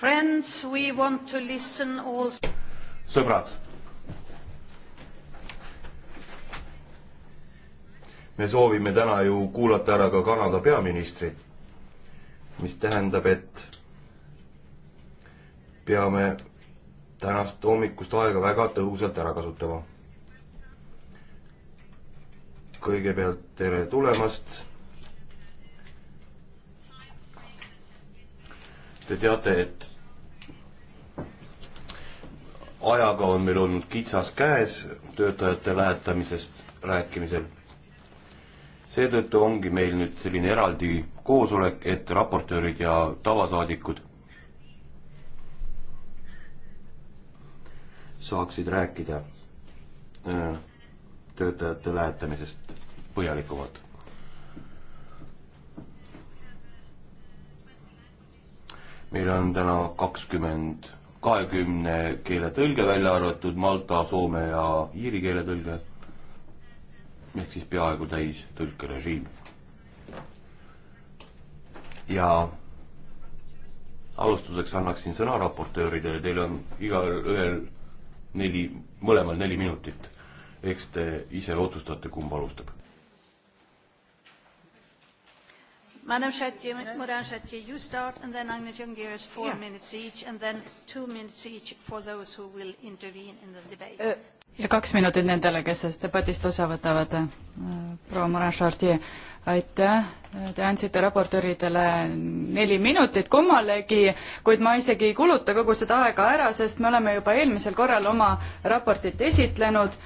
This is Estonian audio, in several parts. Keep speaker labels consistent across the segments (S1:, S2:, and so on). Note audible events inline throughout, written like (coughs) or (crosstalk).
S1: Friends, we want to listen also.
S2: sõbrad. me soovime täna ju kuulata ära ka Kanada peaministri, mis tähendab, et peame tänast hommikust aega väga tõhusalt ära kasutama. kõigepealt tere tulemast Te teate, et ajaga on meil olnud kitsas käes töötajate lähetamisest rääkimisel. seetõttu ongi meil nüüd selline eraldi koosolek, et raportöörid ja tavasaadikud saaksid rääkida äh, töötajate lähetamisest põhjalikumalt. meil on täna kakskümmend 20 kahekümne keele tõlge, välja arvatud malta, soome ja iiri keele tõlge. ehk siis peaaegu täis tõlkerežiim. ja alustuseks annaksin sõna raportööridele, teil on igalühel neli, mõlemal neli minutit. eks te ise otsustate, kumb alustab
S1: Madam Shetty, Moran Shetty, you start, and then Agnes Jungerius, four yeah. minutes each, and then two minutes each for those who will intervene in the debate. Uh,
S3: ja kaks minutit nendele, kes sellest debatist osa võtavad. Äh, proua Moran Chartier, aitäh. Te andsite raportööridele neli minutit kummalegi, kuid ma isegi ei kuluta kogu seda aega ära, sest me oleme juba eelmisel korral oma raportit esitlenud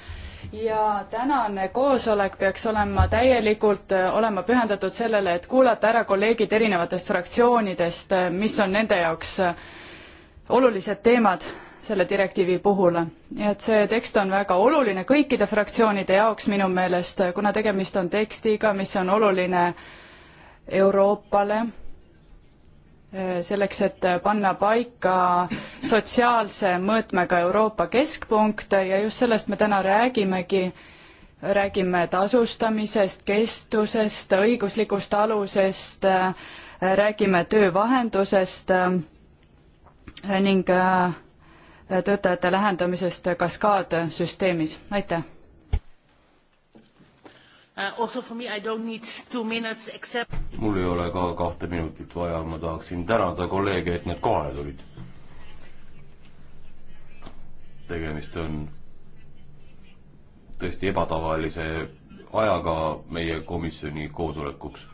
S3: ja tänane koosolek peaks olema täielikult, äh, olema pühendatud sellele, et kuulata ära kolleegid erinevatest fraktsioonidest, äh, mis on nende jaoks äh, olulised teemad selle direktiivi puhul. nii et see tekst on väga oluline kõikide fraktsioonide jaoks minu meelest, kuna tegemist on tekstiga, mis on oluline Euroopale Äh, selleks, et äh, panna paika sotsiaalse mõõtmega Euroopa keskpunkt ja just sellest me täna räägimegi, räägime tasustamisest, kestusest, õiguslikust alusest, äh, räägime töövahendusest ning töötajate lähendamisest kaskaadsüsteemis, aitäh!
S1: Uh, also for me I don't need two minutes except
S2: mul ei ole ka kahte minutit vaja, ma tahaksin tänada kolleege, et nad kohale tulid. tegemist on tõesti ebatavalise ajaga meie komisjoni koosolekuks.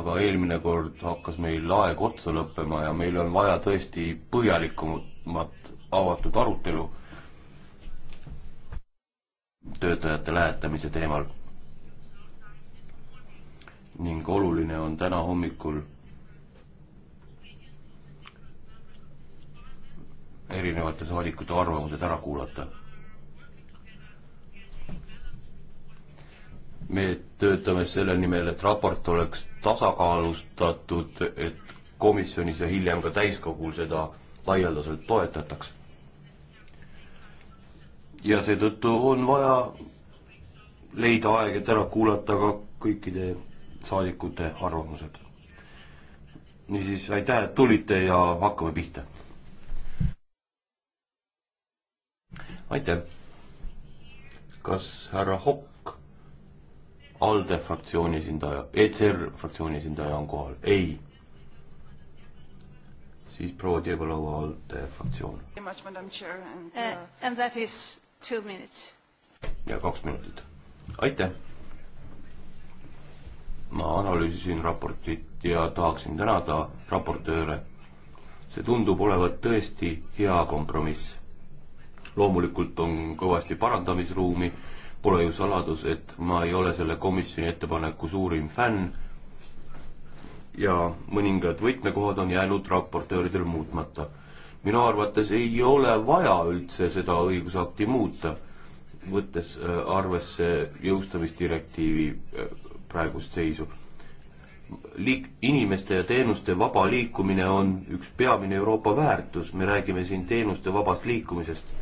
S2: aga eelmine kord hakkas meil aeg otsa lõppema ja meil on vaja tõesti põhjalikumat avatud arutelu töötajate lähetamise teemal. ning oluline on täna hommikul erinevate saadikute arvamused ära kuulata. me töötame selle nimel, et raport oleks tasakaalustatud, et komisjonis ja hiljem ka täiskogul seda laialdaselt toetataks ja seetõttu on vaja leida aeg, et ära kuulata ka kõikide saadikute arvamused. niisiis, aitäh, et tulite ja hakkame pihta. aitäh. kas härra Hokk, ALDE fraktsiooni esindaja, ECR fraktsiooni esindaja on kohal? ei. siis proua Diego Laua, ALDE fraktsioon.
S1: Uh, eh, and that is Two minutes.
S2: ja kaks minutit. aitäh! ma analüüsisin raportit ja tahaksin tänada raportööre. see tundub olevat tõesti hea kompromiss. loomulikult on kõvasti parandamisruumi, pole ju saladus, et ma ei ole selle komisjoni ettepaneku suurim fänn ja mõningad võtmekohad on jäänud raportööridel muutmata minu arvates ei ole vaja üldse seda õigusakti muuta, võttes äh, arvesse jõustamisdirektiivi äh, praegust seisu. Liik-, inimeste ja teenuste vaba liikumine on üks peamine Euroopa väärtus, me räägime siin teenuste vabast liikumisest.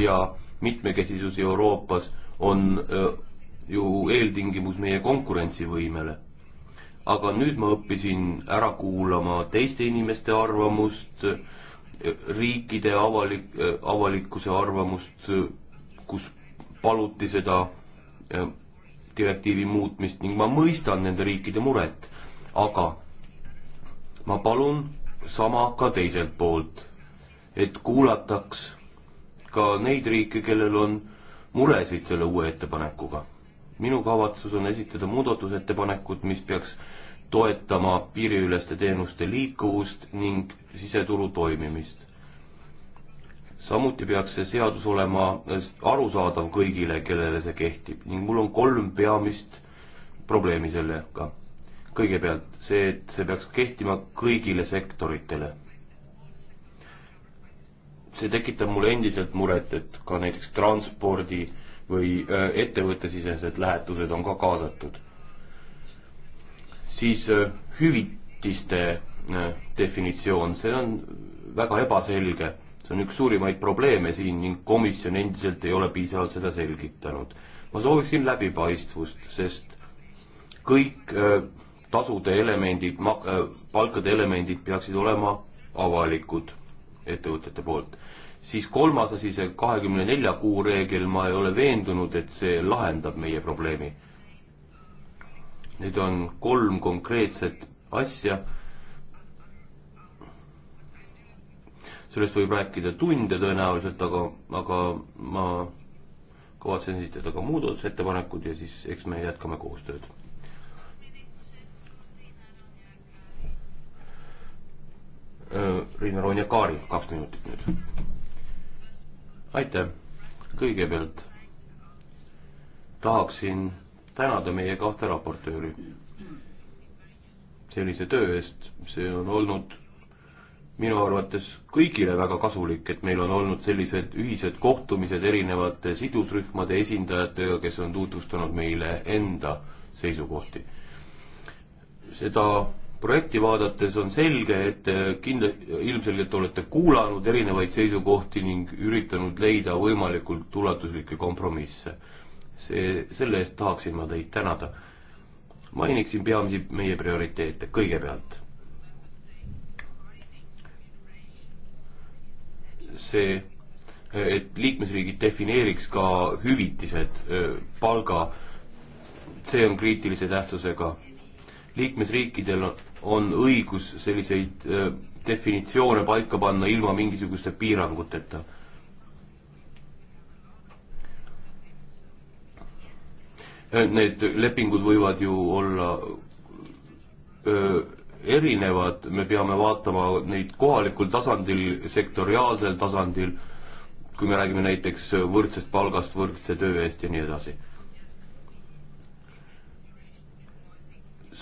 S2: ja mitmekesisus Euroopas on öö, äh, ju eeltingimus meie konkurentsivõimele aga nüüd ma õppisin ära kuulama teiste inimeste arvamust, riikide avalik, avalikkuse arvamust, kus paluti seda eh, direktiivi muutmist ning ma mõistan nende riikide muret, aga ma palun sama ka teiselt poolt, et kuulataks ka neid riike, kellel on muresid selle uue ettepanekuga minu kavatsus on esitada muudatusettepanekud, mis peaks toetama piiriüleste teenuste liikuvust ning siseturu toimimist. samuti peaks see seadus olema arusaadav kõigile, kellele see kehtib ning mul on kolm peamist probleemi sellega. kõigepealt see, et see peaks kehtima kõigile sektoritele. see tekitab mulle endiselt muret, et ka näiteks transpordi äh, või äh, ettevõttesisesed lähetused on ka kaasatud. siis äh, hüvitiste äh, definitsioon, see on väga ebaselge, see on üks suurimaid probleeme siin ning komisjon endiselt ei ole piisavalt seda selgitanud. ma sooviksin läbipaistvust, sest kõik tasude elemendid, palkade elemendid peaksid olema avalikud ettevõtete poolt siis kolmas asi, see kahekümne nelja kuu reegel, ma ei ole veendunud, et see lahendab meie probleemi. Need on kolm konkreetset asja. sellest võib rääkida tunde tõenäoliselt, aga, aga ma kavatsen esitada ka muudatusettepanekud ja siis eks me jätkame koostööd. Äh, Riina Roonja Kaari, kaks minutit nüüd aitäh! kõigepealt tahaksin tänada meie kahte raportööri senise töö eest, see on olnud minu arvates kõigile väga kasulik, et meil on olnud sellised ühised kohtumised erinevate sidusrühmade esindajatega, kes on tutvustanud meile enda seisukohti. seda projekti vaadates on selge, et äh, kindla-, ilmselgelt olete kuulanud erinevaid seisukohti ning üritanud leida võimalikult ulatuslikke kompromisse. see, selle eest tahaksin ma teid tänada. mainiksin peamisi meie prioriteete kõigepealt. see, et liikmesriigid defineeriks ka hüvitised, äh, palga, see on kriitilise tähtsusega liikmesriikidel on õigus selliseid äh, definitsioone paika panna ilma mingisuguste piiranguteta. Äh, need lepingud võivad ju olla öö, äh, erinevad, me peame vaatama neid kohalikul tasandil, sektoriaalsel tasandil, kui me räägime näiteks võrdsest palgast võrdse töö eest ja nii edasi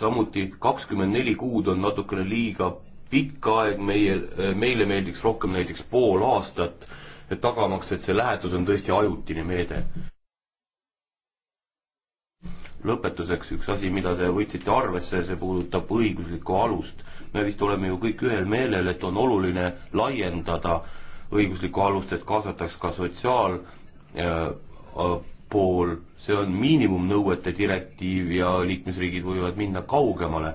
S2: samuti kakskümmend neli kuud on natukene liiga pikk aeg, meie, meile meeldiks rohkem näiteks pool aastat, tagamaks, et see lähetus on tõesti ajutine meede. lõpetuseks üks asi, mida te võtsite arvesse, see puudutab õiguslikku alust. me vist oleme ju kõik ühel meelel, et on oluline laiendada õiguslikku alust, et kaasataks ka sotsiaal äh, pool, see on miinimumnõuete direktiiv ja liikmesriigid võivad minna kaugemale.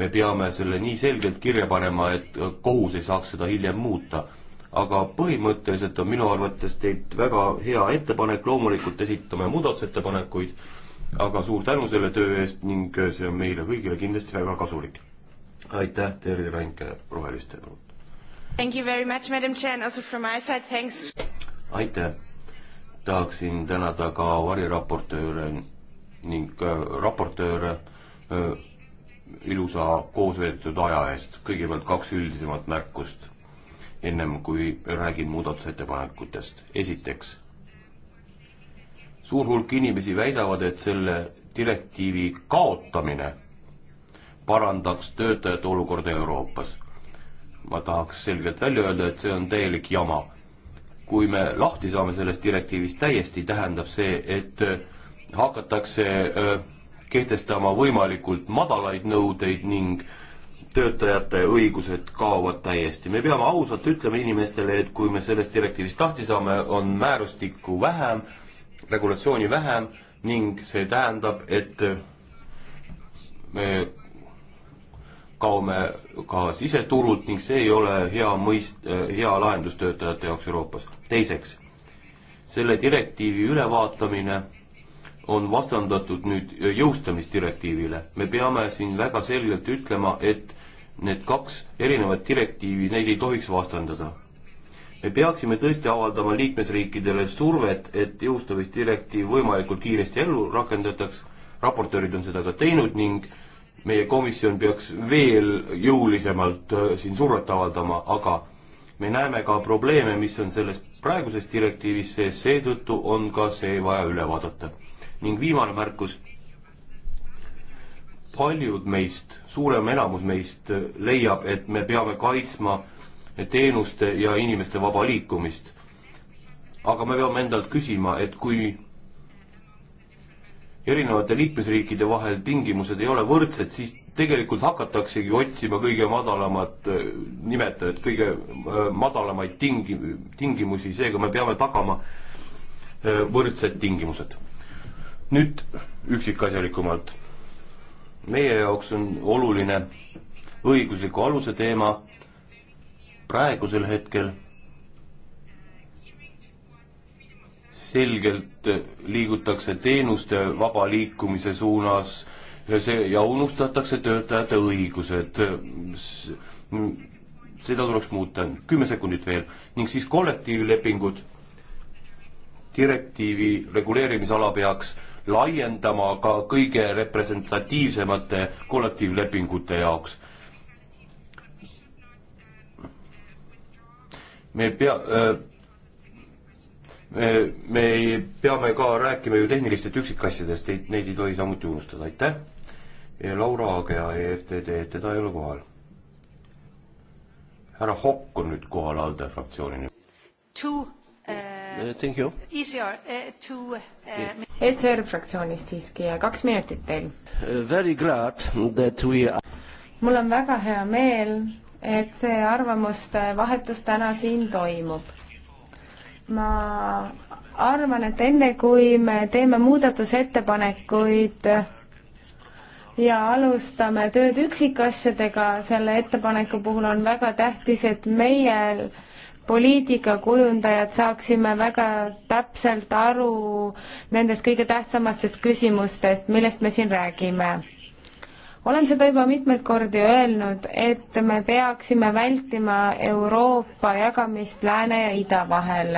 S2: me peame selle nii selgelt kirja panema, et kohus ei saaks seda hiljem muuta. aga põhimõtteliselt on minu arvates teilt väga hea ettepanek, loomulikult esitame muudatusettepanekuid, aga suur tänu selle töö eest ning see on meile kõigile kindlasti väga kasulik. aitäh, Terri Randke Roheliste poolt!
S4: Thank you very much, madam chair, also from my side thanks!
S2: aitäh! tahaksin tänada ka variraportööre ning äh, raportööre äh, ilusa koosveetud aja eest. kõigepealt kaks üldisemat märkust, ennem kui räägin muudatusettepanekutest. esiteks, suur hulk inimesi väidavad, et selle direktiivi kaotamine parandaks töötajate olukorda Euroopas. ma tahaks selgelt välja öelda, et see on täielik jama kui me lahti saame sellest direktiivist täiesti, tähendab see, et äh, hakatakse äh, kehtestama võimalikult madalaid nõudeid ning töötajate õigused kaovad täiesti. me peame ausalt ütlema inimestele, et kui me sellest direktiivist lahti saame, on määrustikku vähem, regulatsiooni vähem ning see tähendab, et äh, me kaome ka siseturult ning see ei ole hea mõist-, hea lahendus töötajate jaoks Euroopas. teiseks, selle direktiivi ülevaatamine on vastandatud nüüd jõustamisdirektiivile. me peame siin väga selgelt ütlema, et need kaks erinevat direktiivi, neid ei tohiks vastandada. me peaksime tõesti avaldama liikmesriikidele survet, et jõustamisdirektiiv võimalikult kiiresti ellu rakendataks, raportöörid on seda ka teinud ning meie komisjon peaks veel jõulisemalt äh, siin survet avaldama, aga me näeme ka probleeme, mis on selles praeguses direktiivis sees, seetõttu on ka see vaja üle vaadata. ning viimane märkus, paljud meist, suurem enamus meist äh, leiab, et me peame kaitsma teenuste ja inimeste vaba liikumist. aga me peame endalt küsima, et kui erinevate liikmesriikide vahel tingimused ei ole võrdsed, siis tegelikult hakataksegi otsima kõige madalamat eh, nimetajat, kõige eh, madalamaid tingi-, tingimusi, seega me peame tagama eh, võrdsed tingimused. nüüd üksikasjalikumalt. meie jaoks on oluline õigusliku aluse teema praegusel hetkel selgelt liigutakse teenuste vaba liikumise suunas see, ja unustatakse töötajate õigused. seda tuleks muuta, kümme sekundit veel, ning siis kollektiivlepingud direktiivi reguleerimisala peaks laiendama ka kõige representatiivsemate kollektiivlepingute jaoks. me pea äh,, me peame ka rääkima ju tehnilistest üksikasjadest, neid ei tohi samuti unustada, aitäh. Laura Agea EFTD, teda ei ole kohal. härra Hokk on nüüd kohal ALDE fraktsiooni nimel. Two uh, uh, thank you.
S1: ECR uh, two uh, yes. ECR
S4: fraktsioonist siiski ja kaks minutit teil
S2: uh,. Very glad that we are
S4: mul on väga hea meel, et see arvamuste vahetus täna siin toimub ma arvan, et enne kui me teeme muudatusettepanekuid ja alustame tööd üksikasjadega, selle ettepaneku puhul on väga tähtis, et meie poliitikakujundajad saaksime väga täpselt aru nendest kõige tähtsamatest küsimustest, millest me siin räägime olen seda juba mitmeid kordi öelnud, et me peaksime vältima Euroopa jagamist lääne ja ida vahel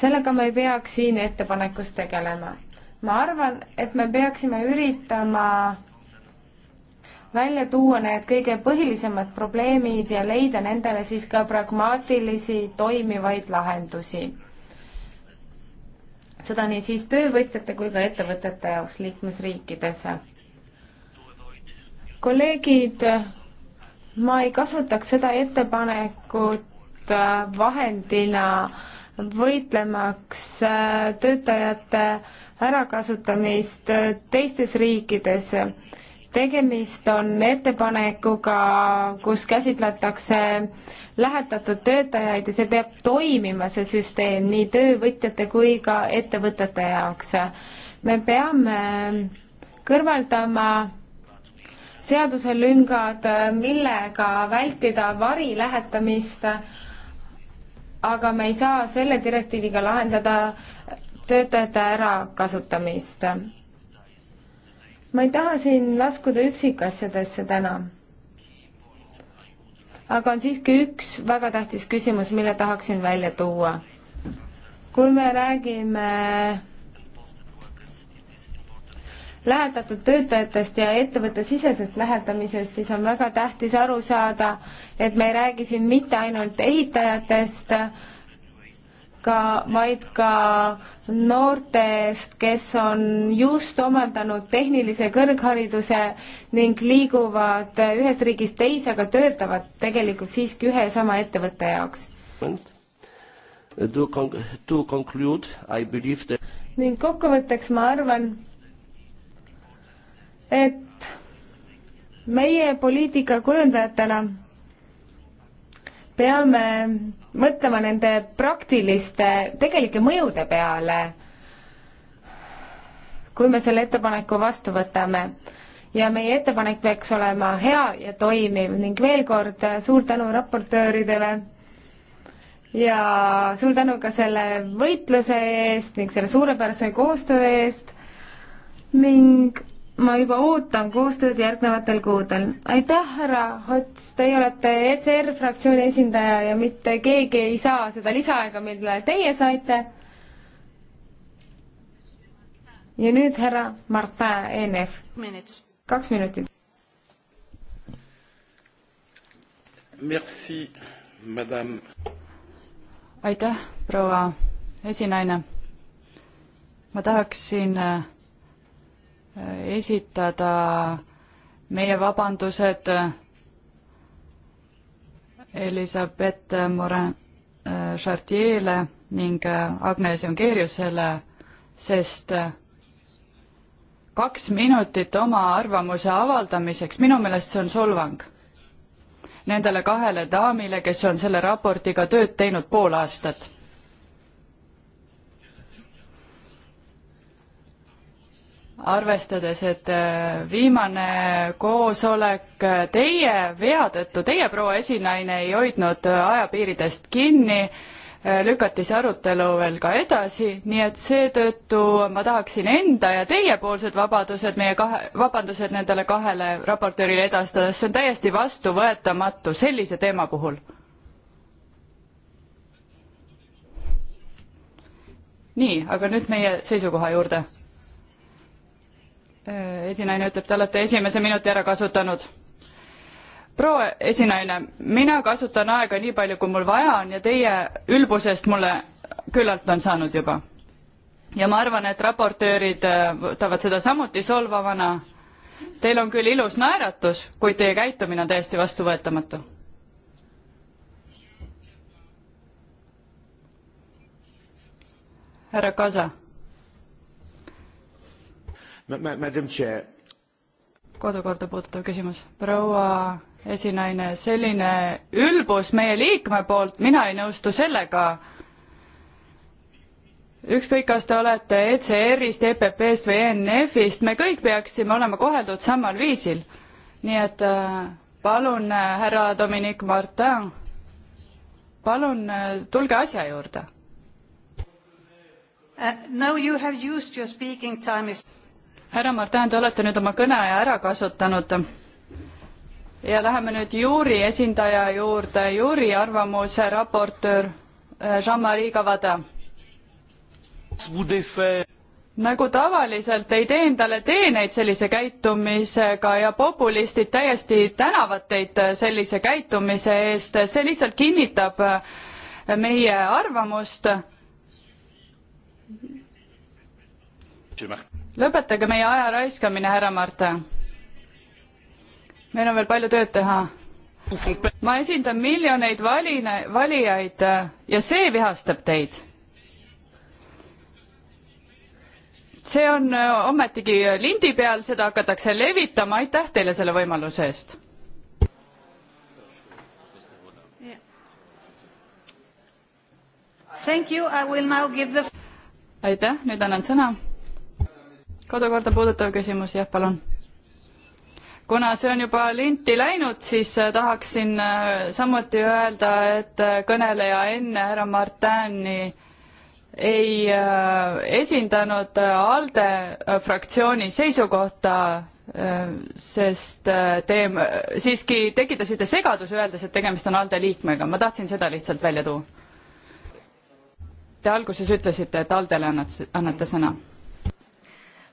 S4: sellega me ei peaks siin ettepanekus tegelema. ma arvan, et me peaksime üritama välja tuua need kõige põhilisemad probleemid ja leida nendele siis ka pragmaatilisi toimivaid lahendusi. seda nii siis töövõtjate kui ka ettevõtete jaoks liikmesriikides. kolleegid, ma ei kasutaks seda ettepanekut vahendina äh, võitlemaks äh, töötajate ärakasutamist äh, teistes riikides. tegemist on ettepanekuga, kus käsitletakse lähetatud töötajaid ja see peab toimima, see süsteem, nii töövõtjate kui ka ettevõtete jaoks. me peame kõrvaldama seaduselüngad, millega vältida varilähetamist aga me ei saa selle direktiiviga lahendada töötajate ärakasutamist. ma ei taha siin laskuda üksikasjadesse täna. aga on siiski üks väga tähtis küsimus, mille tahaksin välja tuua. kui me räägime lähetatud töötajatest ja ettevõttesisesest lähetamisest, siis on väga tähtis aru saada, et me ei räägi siin mitte ainult ehitajatest, ka, vaid ka noortest, kes on just omandanud tehnilise kõrghariduse ning liiguvad ühest riigist teise, aga töötavad tegelikult siiski ühe ja sama ettevõtte jaoks.
S2: To conclude, I believe that
S4: ning kokkuvõtteks ma arvan, et meie poliitikakujundajatena peame mõtlema nende praktiliste tegelike mõjude peale, kui me selle ettepaneku vastu võtame. ja meie ettepanek peaks olema hea ja toimiv ning veel kord suur tänu raportööridele ja suur tänu ka selle võitluse eest ning selle suurepärase koostöö eest ning ma juba ootan koostööd järgnevatel kuudel. aitäh, härra Ots, teie olete ECR fraktsiooni esindaja ja mitte keegi ei saa seda lisaaega, mille teie saite. ja nüüd härra Martin, ENF. kaks minutit.
S3: Merci, madame. aitäh, proua esinaine. ma tahaksin äh, esitada meie vabandused Elizabeth Morin-Chartier'le ning Agnes Jungeriusele, sest kaks minutit oma arvamuse avaldamiseks, minu meelest see on solvang. Nendele kahele daamile, kes on selle raportiga tööd teinud pool aastat arvestades, et äh, viimane koosolek äh, teie vea tõttu, teie proua esinaine ei hoidnud äh, ajapiiridest kinni, lükati see arutelu veel ka edasi, nii et seetõttu ma tahaksin enda ja teiepoolsed vabadused, meie kahe, vabandused nendele kahele raportöörile edastada, sest see on täiesti vastuvõetamatu sellise teema puhul. nii, aga nüüd meie seisukoha juurde Äh, esinaine ütleb, te olete esimese minuti ära kasutanud. proua esinaine, mina kasutan aega nii palju, kui mul vaja on ja teie ülbusest mulle küllalt on saanud juba. ja ma arvan, et raportöörid äh, võtavad seda samuti solvavana. Teil on küll ilus naeratus, kuid teie käitumine on täiesti vastuvõetamatu. härra Kasa Madam Chair. kodukorda puudutav küsimus. proua esinaine, selline ülbus meie liikme poolt, mina ei nõustu sellega. ükskõik, kas te olete ECR-ist, EPP-st või ENF-ist, me kõik peaksime olema koheldud samal viisil. nii et äh, palun, äh, härra Dominic Martin, palun äh, tulge asja juurde
S1: Uh, no, you have used your speaking time is
S3: härra Martin, te olete nüüd oma kõneaja ära kasutanud ja läheme nüüd Juuri esindaja juurde, Juuri arvamuse raportöör äh, Jean-Marie Kavada. nagu tavaliselt ei tee endale teeneid sellise käitumisega ja populistid täiesti tänavad teid sellise käitumise eest, see lihtsalt kinnitab äh, meie arvamust lõpetage meie aja raiskamine, härra Marta. meil on veel palju tööd teha. ma esindan miljoneid valine, valijaid ja see vihastab teid see on ometigi lindi peal, seda hakatakse levitama, aitäh teile selle võimaluse eest. The... aitäh, nüüd annan sõna kodukorda puudutav küsimus, jah, palun. kuna see on juba linti läinud, siis äh, tahaksin äh, samuti öelda, et äh, kõneleja enne härra Martini ei esindanud ALDE fraktsiooni seisukohta sest te siiski tekitasite segaduse, öeldes, et tegemist on ALDE liikmega, ma tahtsin seda lihtsalt välja tuua. Te alguses ütlesite, et ALDE-le annate, annate sõna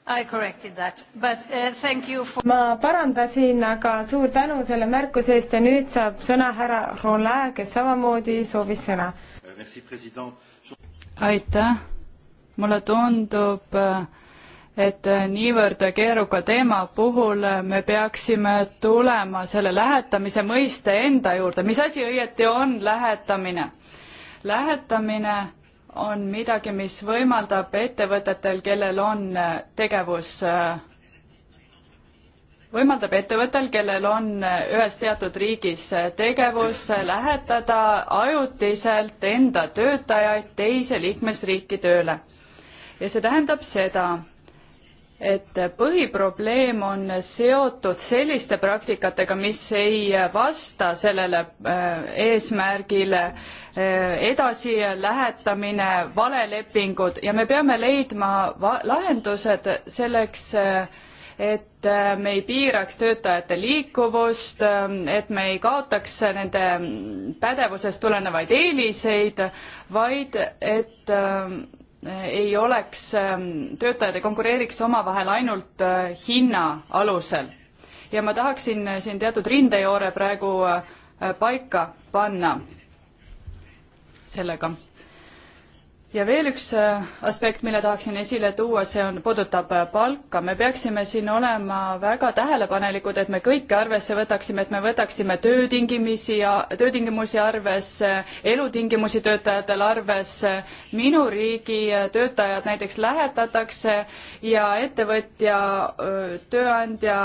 S1: I corrected that, but uh, thank you for
S4: ma parandasin, aga suur tänu selle märkuse eest ja nüüd saab sõna härra Rolle, kes samamoodi soovis sõna.
S3: aitäh, mulle tundub, et niivõrd keeruka teema puhul me peaksime tulema selle lähetamise mõiste enda juurde, mis asi õieti on lähetamine? lähetamine on midagi, mis võimaldab ettevõtetel, kellel on äh, tegevus, äh, võimaldab ettevõttel, kellel on äh, ühes teatud riigis tegevus, lähetada ajutiselt enda töötajaid teise liikmesriiki tööle. ja see tähendab seda, et põhiprobleem on seotud selliste praktikatega, mis ei vasta sellele äh, eesmärgile, äh, edasilähetamine, valelepingud ja me peame leidma lahendused selleks, äh, et me ei piiraks töötajate liikuvust, et me ei kaotaks nende pädevusest tulenevaid eeliseid, vaid et Äh, ei oleks, ähm, töötajad ei konkureeriks omavahel ainult äh, hinna alusel. ja ma tahaksin äh, siin teatud rindejoore praegu paika panna sellega ja veel üks äh, aspekt, mille tahaksin esile tuua, see on, puudutab äh, palka. me peaksime siin olema väga tähelepanelikud, et me kõike arvesse võtaksime, et me võtaksime töötingimisi ja töötingimusi arvesse, elutingimusi töötajatel arvesse. minu riigi äh, töötajad näiteks lähetatakse ja ettevõtja, tööandja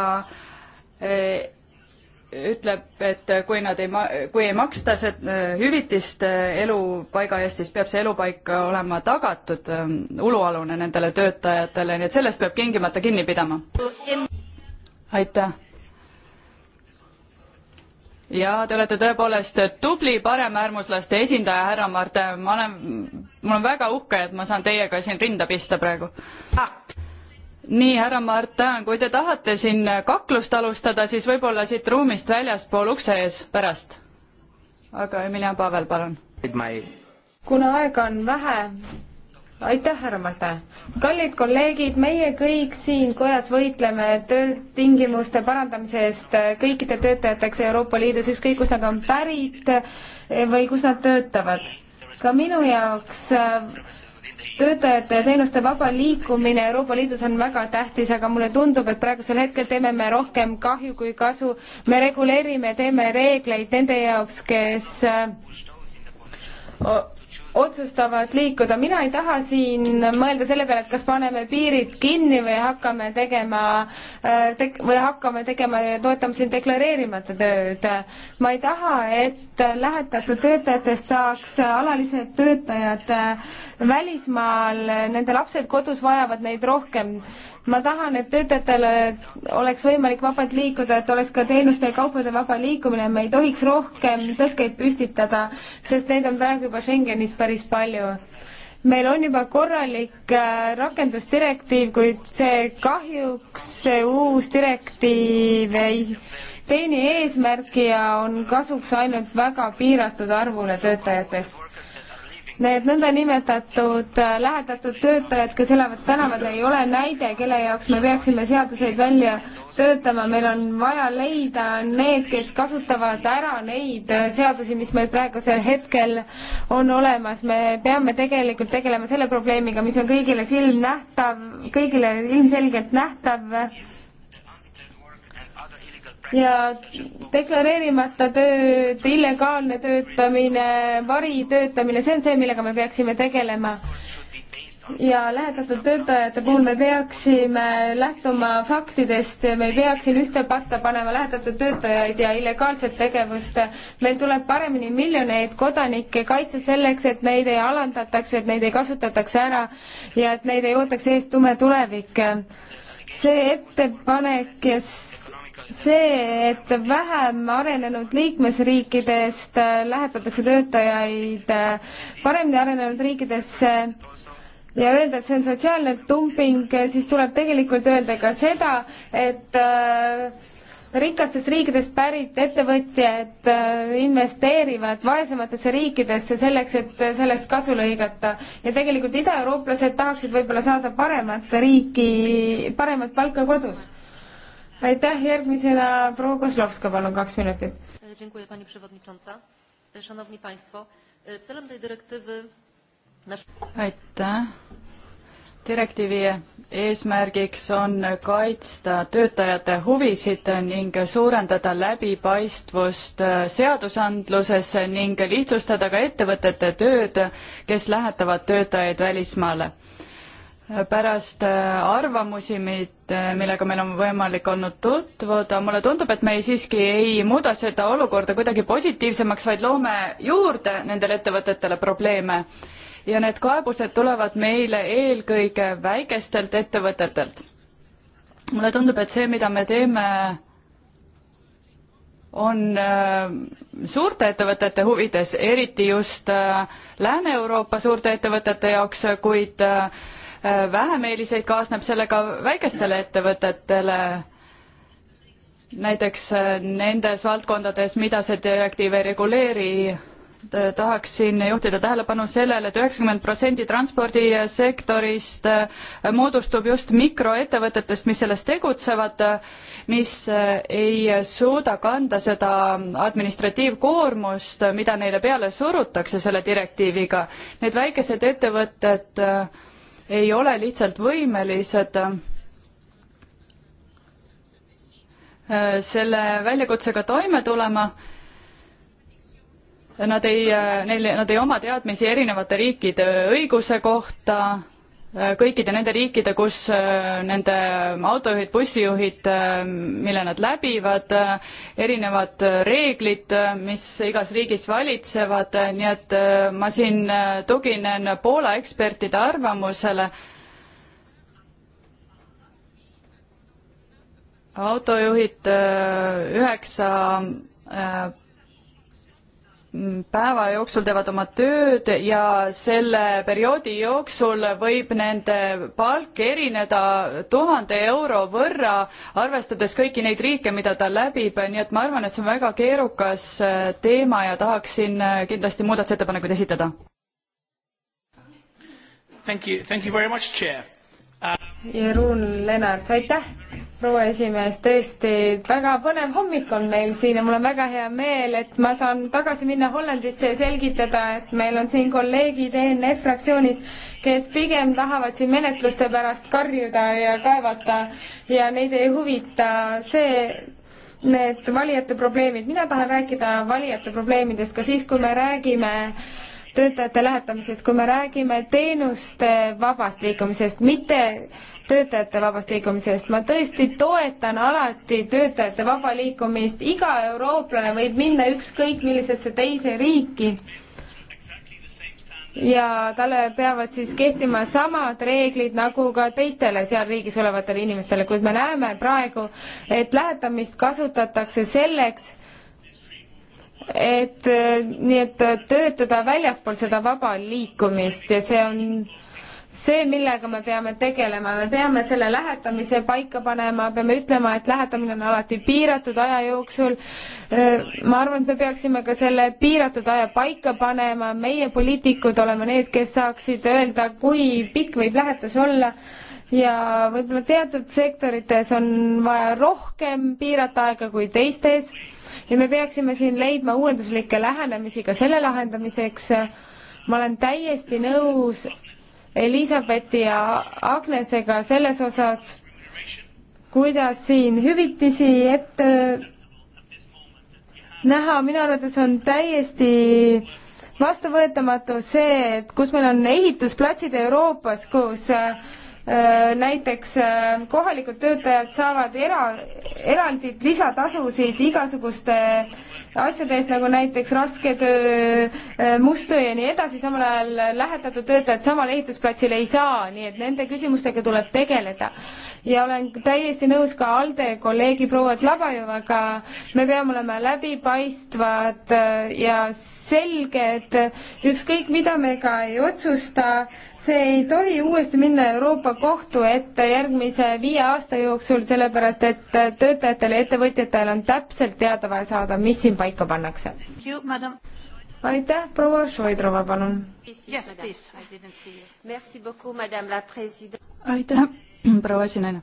S3: ütleb, et kui nad ei ma-, kui ei maksta äh, hüvitist äh, elupaiga eest, siis peab see elupaik olema tagatud ähm, ulualune nendele töötajatele, nii et sellest peab tingimata kinni pidama. aitäh! ja te olete tõepoolest tubli paremäärmuslaste esindaja, härra Mart, ma olen, mul on väga uhke, et ma saan teiega siin rinda pista praegu ah nii, härra Martin, kui te tahate siin kaklust alustada, siis võib-olla siit ruumist väljaspool ukse ees pärast. aga Emilia Pavel, palun.
S4: kuna aega on vähe, aitäh, härra Martin. kallid kolleegid, meie kõik siin kojas võitleme töötingimuste parandamise eest kõikide töötajateks Euroopa Liidus, ükskõik kust nad on pärit või kus nad töötavad. ka minu jaoks töötajate ja teenuste vaba liikumine Euroopa Liidus on väga tähtis, aga mulle tundub, et praegusel hetkel teeme me rohkem kahju kui kasu. me reguleerime, teeme reegleid nende jaoks, kes äh, otsustavad liikuda. mina ei taha siin mõelda selle peale, et kas paneme piirid kinni või hakkame tegema äh, te, või hakkame tegema ja toetame siin deklareerimata tööd. ma ei taha, et lähetatud töötajatest saaks alalised töötajad välismaal, nende lapsed kodus vajavad neid rohkem ma tahan, et töötajatel oleks võimalik vabalt liikuda, et oleks ka teenuste ja kaupade vaba liikumine, me ei tohiks rohkem tõkkeid püstitada, sest neid on praegu juba Schengenis päris palju. meil on juba korralik äh, rakendusdirektiiv, kuid see kahjuks, see uus direktiiv ei teeni eesmärki ja on kasuks ainult väga piiratud arvule töötajatest Need nõndanimetatud äh, lähetatud töötajad, kes elavad tänavatel, ei ole näide, kelle jaoks me peaksime seaduseid välja töötama, meil on vaja leida need, kes kasutavad ära neid äh, seadusi, mis meil praegusel hetkel on olemas. me peame tegelikult tegelema selle probleemiga, mis on kõigile silmnähtav, kõigile ilmselgelt nähtav ja deklareerimata tööd, illegaalne töötamine, varitöötamine, see on see, millega me peaksime tegelema. ja lähetatud töötajate puhul me peaksime lähtuma faktidest, me ei peaks siin ühte patta panema lähetatud töötajaid ja illegaalset tegevust. meil tuleb paremini miljoneid kodanikke kaitse selleks, et neid ei alandataks, et neid ei kasutataks ära ja et neid ei ootaks ees tume tulevik see ettepanek, kes see, et vähem arenenud liikmesriikidest äh, lähetatakse töötajaid äh, paremini arenenud riikidesse ja öelda, et see on sotsiaalne dumping, äh, siis tuleb tegelikult öelda ka seda, et rikastest riikidest pärit ettevõtjad investeerivad vaesematesse riikidesse selleks, et sellest kasu lõigata. ja tegelikult idaeurooplased tahaksid võib-olla saada paremat riiki, paremat palka kodus aitäh, järgmisena proua Kozlovska, palun kaks
S3: minutit.
S2: E, e,
S1: e, aitäh.
S3: direktiivi eesmärgiks on kaitsta töötajate huvisid ning suurendada läbipaistvust seadusandluses ning lihtsustada ka ettevõtete tööd, kes lähetavad töötajaid välismaale pärast äh, arvamusi, äh, millega meil on võimalik olnud tutvuda, mulle tundub, et me ei siiski ei muuda seda olukorda kuidagi positiivsemaks, vaid loome juurde nendele ettevõtetele probleeme. ja need kaebused tulevad meile eelkõige väikestelt ettevõtetelt. mulle tundub, et see, mida me teeme, on äh, suurte ettevõtete huvides, eriti just Lääne-Euroopa suurte ettevõtete jaoks, kuid Äh, vähem eeliseid kaasneb sellega väikestele ettevõtetele, näiteks äh, nendes valdkondades, mida see direktiiv ei reguleeri tahaksin juhtida tähelepanu sellele et, et üheksakümmend protsenti transpordisektorist äh, moodustub just mikroettevõtetest, mis selles tegutsevad, mis ei suuda kanda seda administratiivkoormust, mida neile peale surutakse selle direktiiviga. Need väikesed ettevõtted et ei ole lihtsalt võimelised äh, selle väljakutsega toime tulema. Nad ei, äh, neil, nad ei oma teadmisi erinevate riikide õiguse kohta Äh, kõikide nende riikide, kus äh, nende autojuhid, bussijuhid, äh, mille nad läbivad, erinevad reeglid, mis igas riigis valitsevad, nii et ma siin tuginen Poola ekspertide arvamusele. autojuhid üheksa päeva jooksul teevad oma tööd ja selle perioodi jooksul võib nende palk erineda tuhande euro võrra, arvestades kõiki neid riike, mida ta läbib, nii et ma arvan, et see on väga keerukas äh, teema ja tahaksin äh, kindlasti muudatusettepanekuid esitada.
S1: Thank you, thank you very much, chair uh....
S3: Jeroen
S4: Lennarts, aitäh proua esimees, tõesti väga põnev hommik on meil siin ja mul on väga hea meel, et ma saan tagasi minna Hollandisse ja selgitada, et meil on siin kolleegid ENF fraktsioonist, kes pigem tahavad siin menetluste pärast karjuda ja kaevata ja neid ei huvita see, need valijate probleemid. mina tahan rääkida valijate probleemidest ka siis, kui me räägime töötajate lähetamisest, kui me räägime teenuste vabast liikumisest, mitte töötajate vabast liikumisest. ma tõesti toetan alati töötajate vaba liikumist, iga eurooplane võib minna ükskõik millisesse teise riiki ja talle peavad siis kehtima samad reeglid nagu ka teistele seal riigis olevatele inimestele, kuid me näeme praegu, et lähetamist kasutatakse selleks, et eh, nii, et töötada väljaspool seda vaba liikumist ja see on see, millega me peame tegelema, me peame selle lähetamise paika panema, peame ütlema, et lähetamine on alati piiratud aja jooksul. ma arvan, et me peaksime ka selle piiratud aja paika panema, meie poliitikud oleme need, kes saaksid öelda, kui pikk võib lähetus olla ja võib-olla teatud sektorites on vaja rohkem piirata aega kui teistes ja me peaksime siin leidma uuenduslikke lähenemisi ka selle lahendamiseks. ma olen täiesti nõus, Elisabethi ja Agnesega selles osas, kuidas siin hüvitisi ette näha, minu arvates on täiesti vastuvõetamatu see, et kus meil on ehitusplatsid Euroopas, kus äh, Äh, näiteks äh, kohalikud töötajad saavad era, erandit lisatasusid igasuguste asjade eest, nagu näiteks raske töö, äh, must töö ja nii edasi, samal ajal lähetatud töötajad samal ehitusplatsil ei saa, nii et nende küsimustega tuleb tegeleda ja olen täiesti nõus ka ALDE kolleegi proua Tlabajevaga, me peame olema läbipaistvad äh, ja selged, ükskõik mida me ka ei otsusta, see ei tohi uuesti minna Euroopa Kohtu ette järgmise viie aasta jooksul, sellepärast et äh, töötajatel ja ettevõtjatel on täpselt teada vaja saada, mis siin paika pannakse. aitäh, proua Šoidrova, palun.
S3: aitäh (clears throat) proua esinaine.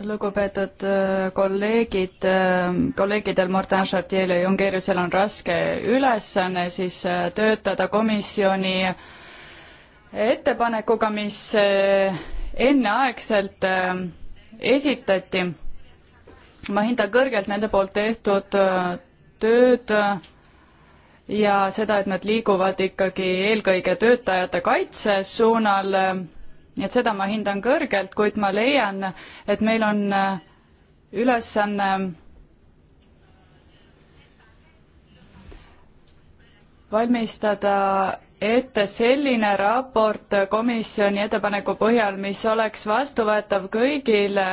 S3: lugupeetud äh, kolleegid, äh, kolleegidel Martin Chartier'l ja Jungeriusel on raske ülesanne siis äh, töötada komisjoni ettepanekuga, mis enneaegselt esitati. ma hindan kõrgelt nende poolt tehtud tööd ja seda, et nad liiguvad ikkagi eelkõige töötajate kaitse suunal nii et seda ma hindan kõrgelt, kuid ma leian, et meil on äh, ülesanne valmistada ette selline raport komisjoni ettepaneku põhjal, mis oleks vastuvõetav kõigile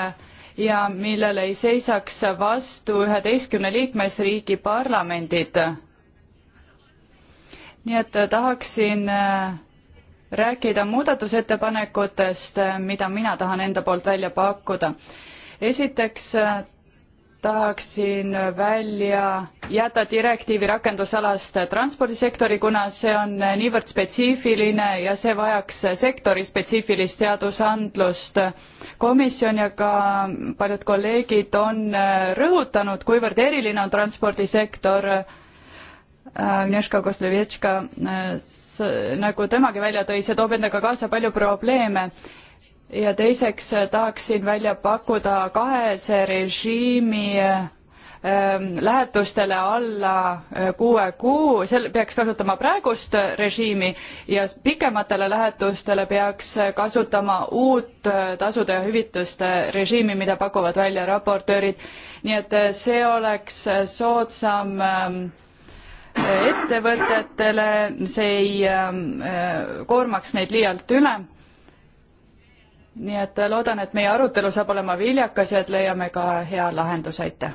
S3: ja millele ei seisaks vastu üheteistkümne liikmesriigi parlamendid. nii et tahaksin äh, rääkida muudatusettepanekutest, mida mina tahan enda poolt välja pakkuda. esiteks äh, tahaksin välja jätta direktiivi rakendusalast transpordisektori, kuna see on niivõrd spetsiifiline ja see vajaks sektori spetsiifilist seadusandlust. komisjon ja ka paljud kolleegid on äh, rõhutanud, kuivõrd eriline on transpordisektor. Äh, Agnieszka Koslevetška nagu temagi välja tõi, see toob endaga kaasa palju probleeme. ja teiseks tahaksin välja pakkuda kahese režiimi ähm, lähetustele alla äh, kuue kuu, seal peaks kasutama praegust režiimi ja pikematele lähetustele peaks kasutama uut äh, tasude ja hüvituste režiimi, mida pakuvad välja raportöörid. nii et äh, see oleks soodsam äh, ettevõtetele, see ei ähm, äh, koormaks neid liialt üle. nii et loodan, et meie arutelu saab olema viljakas ja et leiame ka hea lahenduse, aitäh.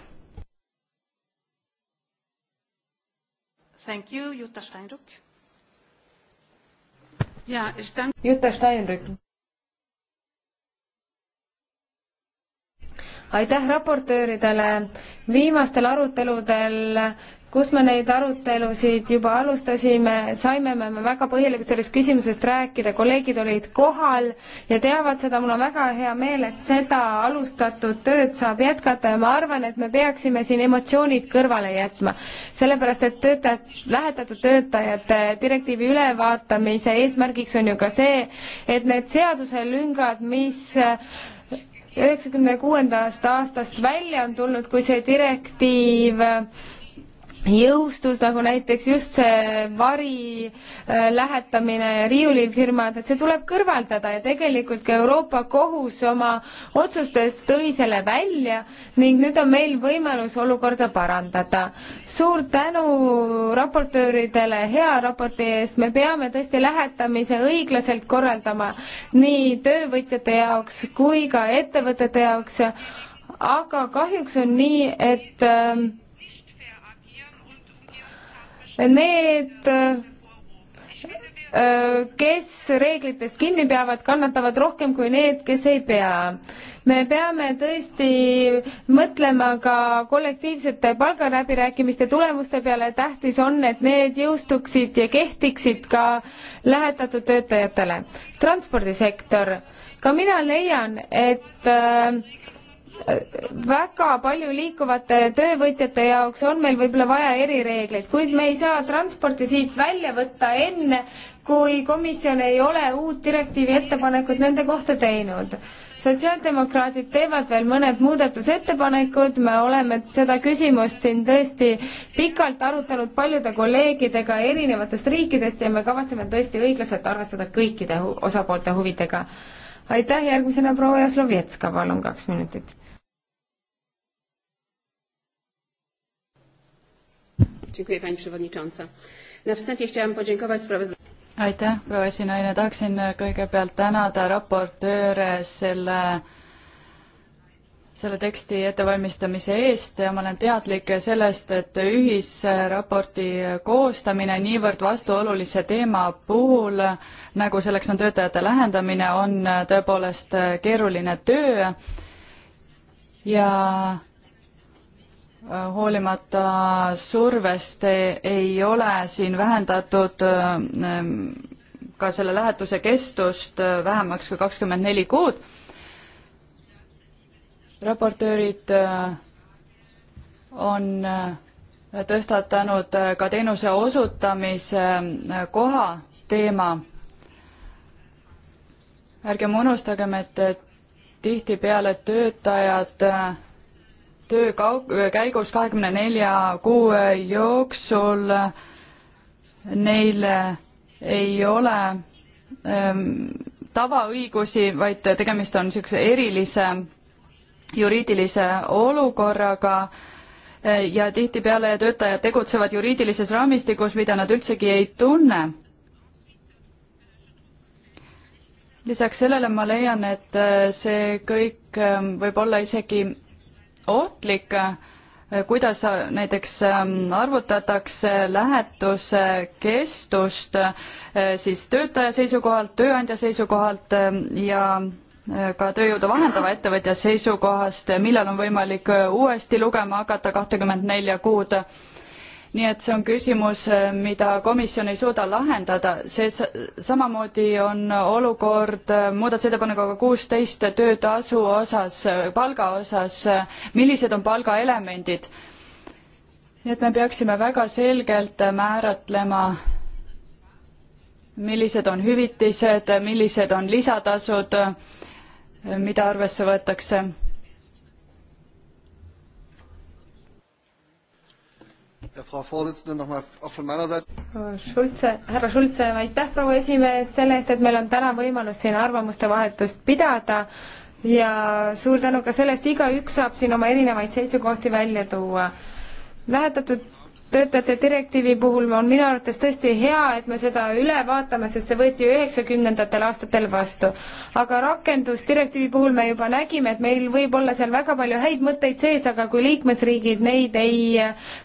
S1: Thank you, Jutta Steinruck. Ja, ich danke.
S4: Jutta Steinrück. aitäh raportööridele. viimastel aruteludel kus me neid arutelusid juba alustasime, saime me väga põhjalikult sellest küsimusest rääkida, kolleegid olid kohal ja teavad seda, mul on väga hea meel, et seda alustatud tööd saab jätkata ja ma arvan, et me peaksime siin emotsioonid kõrvale jätma. sellepärast, et töötajad, lähetatud töötajate direktiivi ülevaatamise eesmärgiks on ju ka see, et need seaduselüngad, mis üheksakümne kuuendast aastast välja on tulnud, kui see direktiiv jõustus, nagu näiteks just see vari äh, lähetamine riiulifirmad, et see tuleb kõrvaldada ja tegelikult ka Euroopa Kohus oma otsustes tõi selle välja ning nüüd on meil võimalus olukorda parandada. suur tänu raportööridele hea raporti eest, me peame tõesti lähetamise õiglaselt korraldama nii töövõtjate jaoks kui ka ettevõtete jaoks, aga kahjuks on nii, et äh, Need, äh, kes reeglitest kinni peavad, kannatavad rohkem kui need, kes ei pea. me peame tõesti mõtlema ka kollektiivsete palgaläbirääkimiste tulemuste peale, tähtis on, et need jõustuksid ja kehtiksid ka lähetatud töötajatele. transpordisektor, ka mina leian, et äh, väga palju liikuvate töövõtjate jaoks on meil võib-olla vaja erireegleid, kuid me ei saa transporti siit välja võtta enne, kui komisjon ei ole uut direktiivi ettepanekut nende kohta teinud. sotsiaaldemokraadid teevad veel mõned muudatusettepanekud, me oleme seda küsimust siin tõesti pikalt arutanud paljude kolleegidega erinevatest riikidest ja me kavatseme tõesti õiglaselt arvestada kõikide osapoolte huvidega. aitäh, järgmisena proua Jaslovetska, palun kaks minutit Dziękuję pani przewodnicząca. Na wstępie chciałam podziękować sprawozdawcy
S3: aitäh, proua esinaine, tahaksin e, kõigepealt tänada raportööre selle, selle teksti ettevalmistamise eest ja ma olen teadlik sellest, et ühisraporti koostamine niivõrd vastuolulise teema puhul, nagu selleks on töötajate lähendamine, on tõepoolest keeruline töö ja hoolimata survest e, ei ole siin vähendatud ähm, ka selle lähetuse kestust äh, vähemaks kui kakskümmend neli kuud. raportöörid äh, on äh, tõstatanud ka teenuse osutamise koha teema. ärgem unustagem, et tihtipeale töötajad töö käigus kahekümne nelja kuu jooksul neil ei ole ähm, tavaõigusi, vaid tegemist on niisuguse erilise juriidilise olukorraga äh, ja tihtipeale töötajad tegutsevad juriidilises raamistikus, mida nad üldsegi ei tunne lisaks sellele ma leian, et äh, see kõik ähm, võib olla isegi ohtlik, kuidas näiteks ähm, arvutatakse lähetuse kestust äh, siis töötaja seisukohalt, tööandja seisukohalt ähm, ja äh, ka tööjõudu vahendava ettevõtja seisukohast, millal on võimalik äh, uuesti lugema hakata kahtekümmet nelja kuud nii et see on küsimus, mida komisjon ei suuda lahendada, see samamoodi on olukord muudatusettepanekuga kuusteist töötasu osas, palga osas, millised on palgaelemendid. nii et me peaksime väga selgelt määratlema millised on hüvitised, millised on lisatasud, mida arvesse võetakse Schulze, härra Schulze,
S4: aitäh, proua esimees, selle eest, et meil on täna võimalus siin arvamuste vahetust pidada ja suur tänu ka selle eest, igaüks saab siin oma erinevaid seisukohti välja tuua. lähetatud töötajate direktiivi puhul on minu arvates tõesti hea, et me seda üle vaatame, sest see võeti üheksakümnendatel aastatel vastu. aga rakendusdirektiivi puhul me juba nägime, et meil võib olla seal väga palju häid mõtteid sees, aga kui liikmesriigid neid ei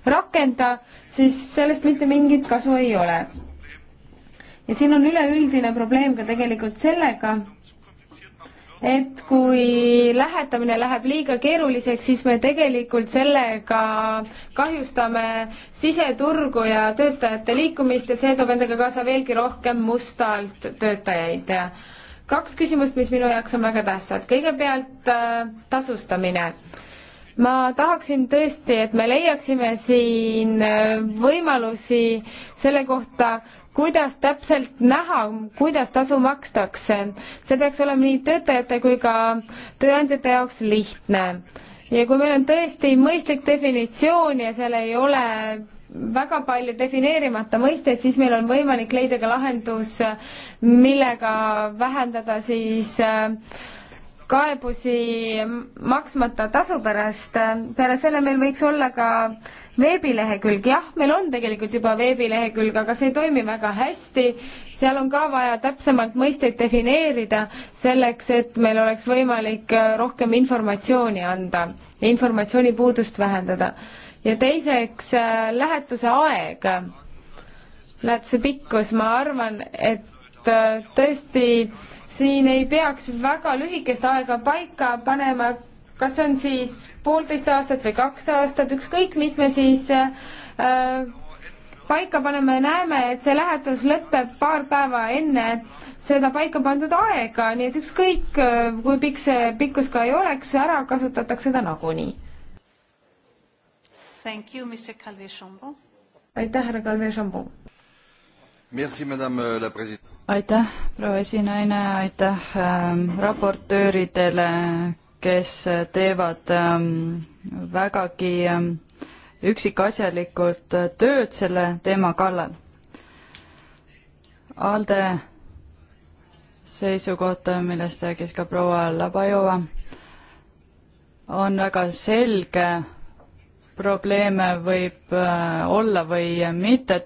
S4: rakenda, siis sellest mitte mingit kasu ei ole. ja siin on üleüldine probleem ka tegelikult sellega, et kui lähetamine läheb liiga keeruliseks, siis me tegelikult sellega kahjustame siseturgu ja töötajate liikumist ja see toob endaga kaasa veelgi rohkem mustalt töötajaid. kaks küsimust, mis minu jaoks on väga tähtsad. kõigepealt äh, tasustamine ma tahaksin tõesti, et me leiaksime siin äh, võimalusi selle kohta, kuidas täpselt näha, kuidas tasu makstakse. see peaks olema nii töötajate kui ka tööandjate jaoks lihtne. ja kui meil on tõesti mõistlik definitsioon ja seal ei ole väga palju defineerimata mõisteid, siis meil on võimalik leida ka lahendus, millega vähendada siis äh, kaebusi maksmata tasu pärast. peale selle meil võiks olla ka veebilehekülg, jah, meil on tegelikult juba veebilehekülg, aga see ei toimi väga hästi. seal on ka vaja täpsemalt mõisteid defineerida selleks, et meil oleks võimalik rohkem informatsiooni anda, informatsioonipuudust vähendada. ja teiseks lähetuse aeg, lähetuse pikkus, ma arvan, et tõesti äh, siin ei peaks väga lühikest aega paika panema, kas on siis poolteist aastat või kaks aastat, ükskõik mis me siis äh, paika paneme ja näeme, et see lähetus lõpeb paar päeva enne seda paika pandud aega, nii et ükskõik äh, kui pikk see pikkus ka ei oleks, ära kasutatakse ta nagunii.
S3: aitäh, härra Calvet-Chambon aitäh, proua esinaine, aitäh ähm, raportööridele, kes teevad ähm, vägagi ähm, üksikasjalikult äh, tööd selle teema kallal. ALDE seisukoht, millest rääkis ka proua Labajova, on väga selge, probleeme võib äh, olla või mitte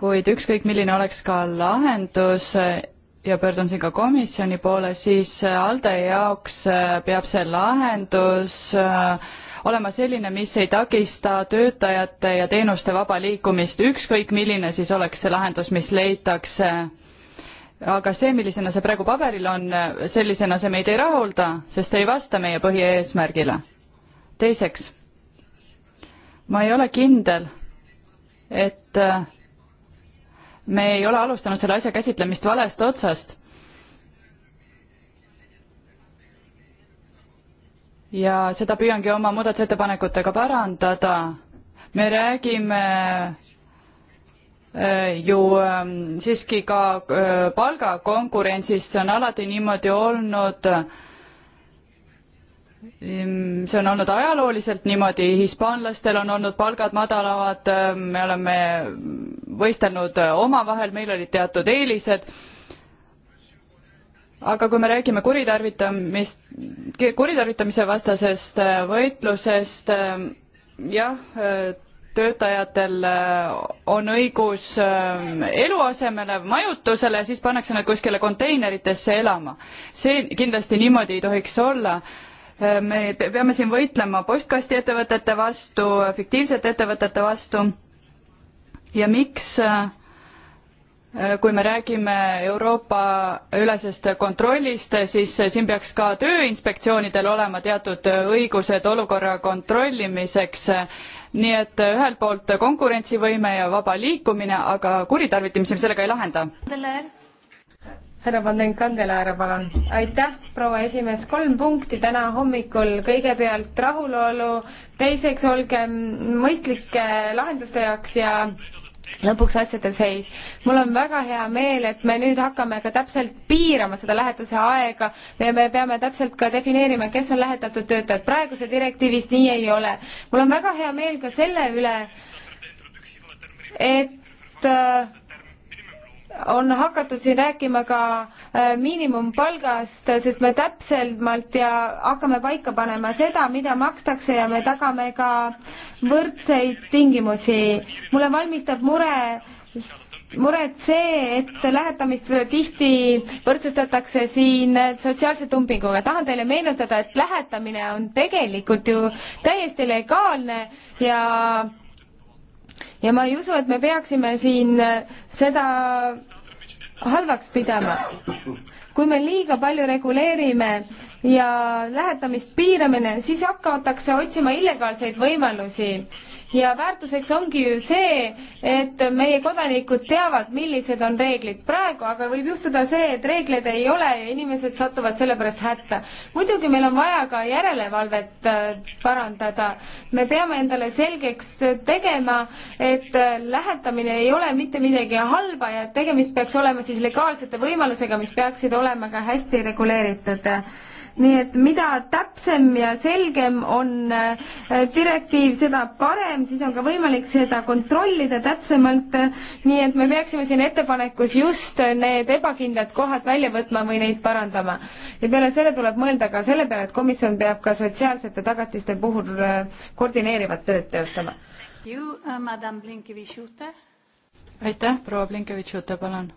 S3: kuid ükskõik, milline oleks ka lahendus ja pöördun siin ka komisjoni poole, siis ALDE jaoks peab see lahendus äh, olema selline, mis ei takista töötajate ja teenuste vaba liikumist, ükskõik milline siis oleks see lahendus, mis leitakse. aga see, millisena see praegu paberil on, sellisena see meid ei rahulda, sest ei vasta meie põhieesmärgile. teiseks, ma ei ole kindel, et äh, me ei ole alustanud selle asja käsitlemist valest otsast. ja seda püüangi oma muudatusettepanekutega parandada. me räägime äh, ju ähm, siiski ka äh, palgakonkurentsist, see on alati niimoodi olnud Ehm, see on olnud ajalooliselt niimoodi, hispaanlastel on olnud palgad madalamad, ehm, me oleme võistelnud omavahel, meil olid teatud eelised, aga kui me räägime kuritarvitamist, kuritarvitamise vastasest eh, võitlusest, ehm, jah, eh, töötajatel eh, on õigus eluasemele, majutusele, siis pannakse nad kuskile konteineritesse elama. see kindlasti niimoodi ei tohiks olla me peame siin võitlema postkastiettevõtete vastu, fiktiivsete ettevõtete vastu ja miks äh, kui me räägime Euroopa ülesest kontrollist, siis siin peaks ka tööinspektsioonidel olema teatud õigused olukorra kontrollimiseks. nii et ühelt poolt konkurentsivõime ja vaba liikumine, aga kuritarvitamisel sellega ei lahenda
S4: härra Vanden Kandelaare, palun. aitäh, proua esimees, kolm punkti täna hommikul, kõigepealt rahulolu, teiseks olgem mõistlike lahenduste jaoks ja lõpuks asjade seis. mul on väga hea meel, et me nüüd hakkame ka täpselt piirama seda lähetuse aega ja me peame täpselt ka defineerima, kes on lähetatud töötajad. praeguse direktiivis nii ei ole. mul on väga hea meel ka selle üle, et äh, on hakatud siin rääkima ka äh, miinimumpalgast, sest me täpsemalt ja hakkame paika panema seda, mida makstakse ja me tagame ka võrdseid tingimusi. mulle valmistab mure muret see, et lähetamist tihti võrdsustatakse siin sotsiaalse dumpinguga. tahan teile meenutada, et lähetamine on tegelikult ju täiesti legaalne ja ja ma ei usu, et me peaksime siin äh, seda halvaks pidama. kui me liiga palju reguleerime ja lähetamist piiramine, siis hakatakse otsima illegaalseid võimalusi ja väärtuseks ongi ju see, et meie kodanikud teavad, millised on reeglid praegu, aga võib juhtuda see, et reegleid ei ole ja inimesed satuvad selle pärast hätta. muidugi meil on vaja ka järelevalvet äh, parandada. me peame endale selgeks tegema, et äh, lähetamine ei ole mitte midagi halba ja tegemist peaks olema siis legaalsete võimalusega, mis peaksid olema ka hästi reguleeritud nii et mida täpsem ja selgem on äh, direktiiv, seda parem, siis on ka võimalik seda kontrollida täpsemalt. nii et me peaksime siin ettepanekus just need ebakindlad kohad välja võtma või neid parandama. ja peale selle tuleb mõelda ka selle peale, et komisjon peab ka sotsiaalsete tagatiste puhul
S3: äh, koordineerivat tööd teostama. Uh, aitäh, proua Blinkevitš-Jute, palun,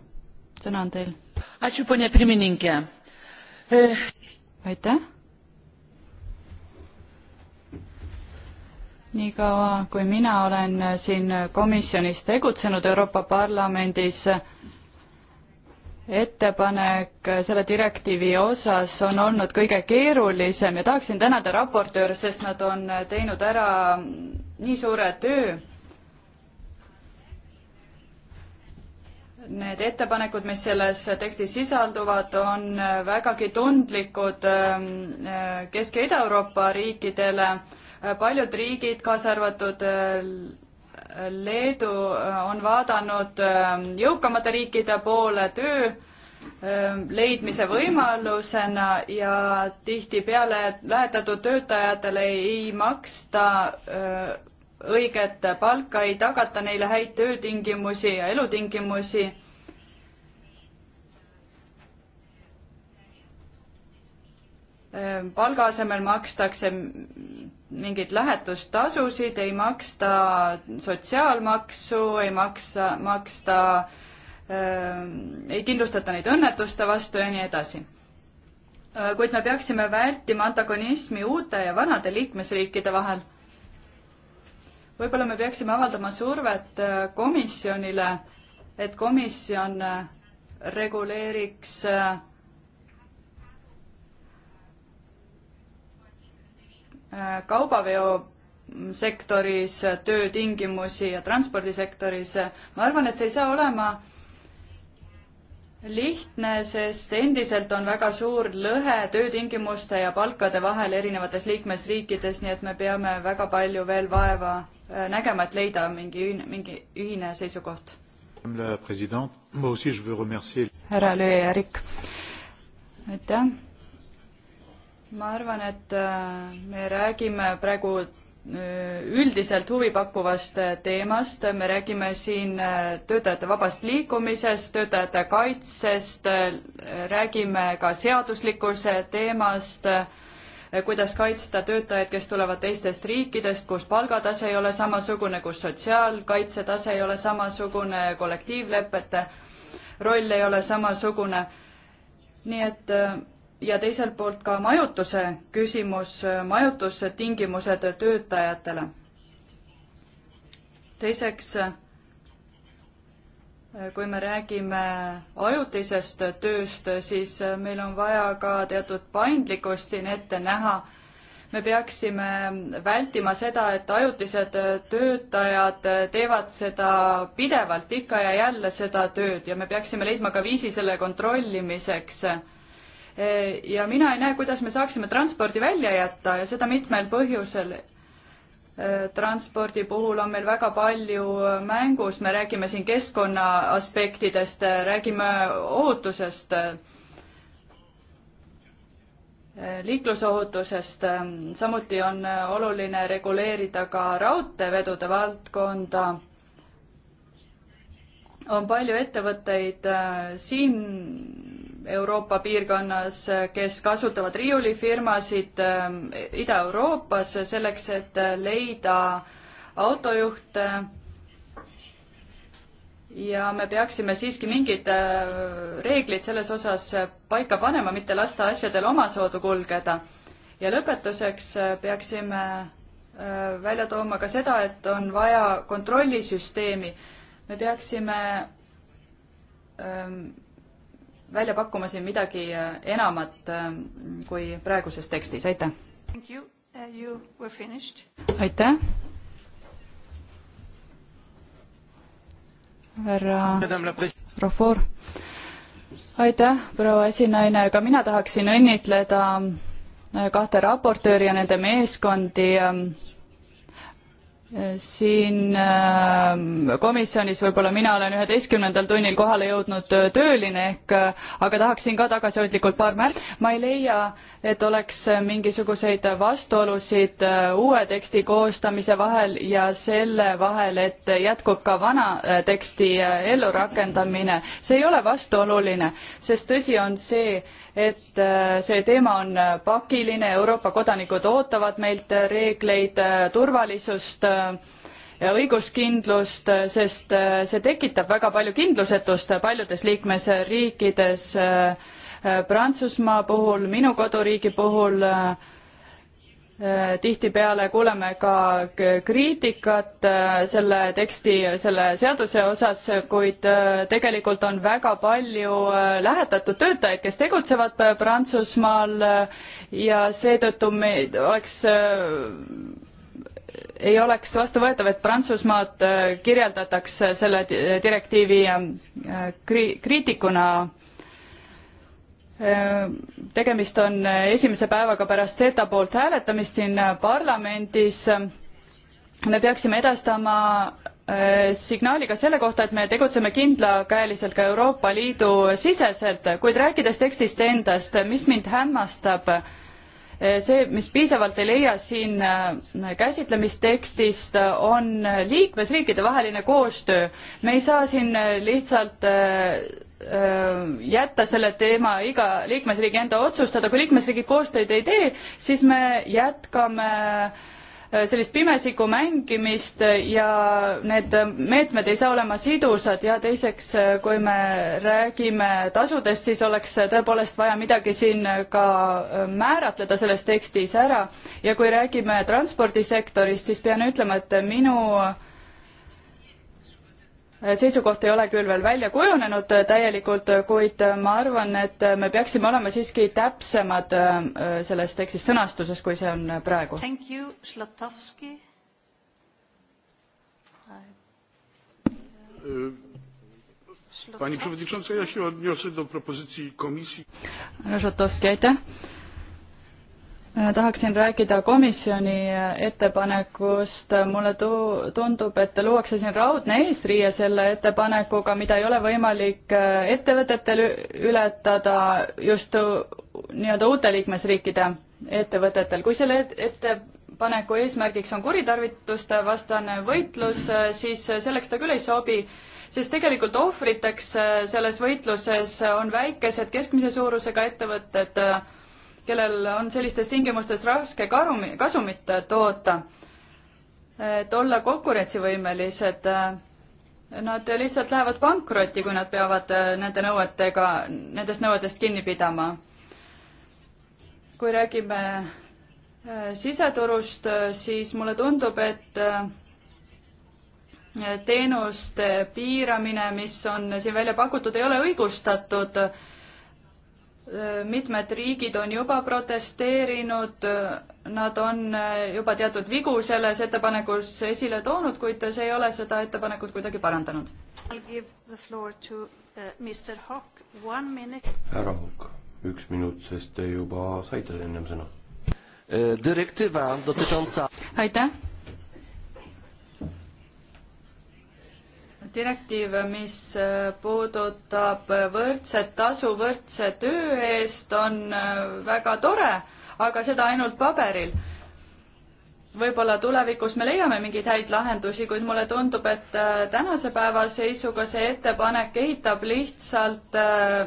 S3: sõna on teil. aitäh, proua Blinkevitš-Jute aitäh! niikaua, kui mina olen siin komisjonis tegutsenud Euroopa Parlamendis, ettepanek selle direktiivi osas on olnud kõige keerulisem ja tahaksin tänada raportööre, sest nad on teinud ära nii suure töö need ettepanekud, mis selles tekstis sisalduvad, on vägagi tundlikud ähm, äh, Kesk- ja Ida-Euroopa riikidele. paljud riigid, kaasa arvatud äh, Leedu, äh, on vaadanud ähm, jõukamate riikide poole töö ähm, leidmise võimalusena ja tihtipeale lähetatud töötajatele ei maksta õiget palka, ei tagata neile häid töötingimusi ja elutingimusi. Ehm, palga asemel makstakse mingeid lähetustasusid, ei maksta sotsiaalmaksu, ei maksa, maksta äh,, ei kindlustata neid õnnetuste vastu ja nii edasi ehm, kuid me peaksime vältima antagonismi uute ja vanade liikmesriikide vahel võib-olla me peaksime avaldama survet äh, komisjonile, et komisjon äh, reguleeriks äh, kaubaveosektoris töötingimusi ja transpordisektoris. ma arvan, et see ei saa olema lihtne, sest endiselt on väga suur lõhe töötingimuste ja palkade vahel erinevates liikmesriikides, nii et me peame väga palju veel vaeva Äh, nägema, et leida mingi, mingi ühine seisukoht. härra Le ja Erik, aitäh. ma arvan, et äh, me räägime praegu äh, üldiselt huvipakkuvast teemast, me räägime siin töötajate vabast liikumisest, töötajate kaitsest, räägime ka seaduslikkuse teemast kuidas kaitsta töötajaid, kes tulevad teistest riikidest, kus palgatase ei ole samasugune, kus sotsiaalkaitsetase ei ole samasugune, kollektiivlepete roll ei ole samasugune. nii et äh, ja teiselt poolt ka majutuse küsimus, äh, majutustingimused töötajatele. teiseks äh, kui me räägime ajutisest tööst, siis meil on vaja ka teatud paindlikkust siin ette näha. me peaksime vältima seda, et ajutised töötajad teevad seda pidevalt ikka ja jälle seda tööd ja me peaksime leidma ka viisi selle kontrollimiseks. ja mina ei näe, kuidas me saaksime transpordi välja jätta ja seda mitmel põhjusel transpordi puhul on meil väga palju mängus, me räägime siin keskkonna aspektidest, räägime ohutusest, liiklusohutusest, samuti on oluline reguleerida ka raudteevedude valdkonda. on palju ettevõtteid äh, siin Euroopa piirkonnas, kes kasutavad riiulifirmasid ähm, Ida-Euroopas selleks, et leida autojuhte. ja me peaksime siiski mingid äh, reeglid selles osas paika panema, mitte lasta asjadel omasoodu kulgeda. ja lõpetuseks äh, peaksime äh, välja tooma ka seda, et on vaja kontrollisüsteemi. me peaksime ähm, välja pakkuma siin midagi äh, enamat äh, kui praeguses tekstis, aitäh!
S1: Uh,
S3: aitäh! härra Rofor. aitäh, proua esinaine, ka mina tahaksin õnnitleda äh, kahte raportööri ja nende meeskondi ähm, siin äh, komisjonis võib-olla mina olen üheteistkümnendal tunnil kohale jõudnud äh, tööline ehk, äh, aga tahaksin ka tagasihoidlikult paar märk-. ma ei leia, et oleks mingisuguseid vastuolusid uue teksti koostamise vahel ja selle vahel, et jätkub ka vana teksti ellurakendamine. see ei ole vastuoluline, sest tõsi on see, et äh, see teema on äh, pakiline, Euroopa kodanikud ootavad meilt äh, reegleid, turvalisust ja õiguskindlust, sest see tekitab väga palju kindlusetust paljudes liikmesriikides. Prantsusmaa puhul, minu koduriigi puhul äh, Äh, tihtipeale kuuleme ka kriitikat äh, selle teksti, selle seaduse osas, kuid äh, tegelikult on väga palju lähetatud töötajaid, kes tegutsevad Prantsusmaal ja seetõttu me oleks ei oleks vastuvõetav, et Prantsusmaad kirjeldatakse selle direktiivi kriitikuna tegemist on esimese päevaga pärast Zeta poolt hääletamist siin parlamendis. me peaksime edastama äh, signaali ka selle kohta, et me tegutseme kindlakäeliselt ka Euroopa Liidu siseselt, kuid rääkides tekstist endast, mis mind hämmastab, Eh, see, mis piisavalt ei leia siin eh, käsitlemistekstist, eh, on liikmesriikide vaheline koostöö. me ei saa siin lihtsalt jätta selle teema iga liikmesriigi enda otsustada, kui liikmesriigid koostööd ei tee, siis me jätkame äh, Äh, sellist pimesiku mängimist ja need meetmed ei saa olema sidusad ja teiseks, äh, kui me räägime tasudest, siis oleks äh, tõepoolest vaja midagi siin ka määratleda selles tekstis ära ja kui räägime transpordisektorist, siis pean ütlema, et minu seisukoht ei ole küll veel välja kujunenud äh, täielikult, äh, kuid äh, ma arvan, et me peaksime olema siiski täpsemad selles tekstis sõnastuses, kui see on praegu.
S1: Pani przewodnicząca, ja się odniosę do propozycji komisji.
S3: Rzotowski, aitäh. Äh, tahaksin rääkida komisjoni äh, ettepanekust. Äh, mulle tu-, tundub, et luuakse siin raudne eesriie selle ettepanekuga, mida ei ole võimalik ettevõtetel ületada just nii-öelda uute liikmesriikide ettevõtetel. kui selle ettepaneku eesmärgiks on kuritarvituste vastane võitlus, siis selleks ta küll ei sobi, sest tegelikult ohvriteks selles võitluses on väikesed keskmise suurusega ettevõtted et, kellel on sellistes tingimustes raske karumi, kasumit toota, et olla konkurentsivõimelised. Nad lihtsalt lähevad pankrotti, kui nad peavad nende nõuetega, nendest nõuetest kinni pidama. kui räägime äh, siseturust, siis mulle tundub, et äh, teenuste piiramine, mis on siin välja pakutud, ei ole õigustatud mitmed riigid on juba protesteerinud, nad on juba teatud vigu selles ettepanekus esile toonud, kuid see ei ole seda ettepanekut kuidagi parandanud.
S1: Uh,
S2: härra Hukk, üks minut, sest te juba saite ennem sõna. E, aitäh
S3: direktiiv, mis äh, puudutab võrdset tasu võrdse töö eest, on äh, väga tore, aga seda ainult paberil. võib-olla tulevikus me leiame mingeid häid lahendusi, kuid mulle tundub, et äh, tänase päeva seisuga see ettepanek ehitab lihtsalt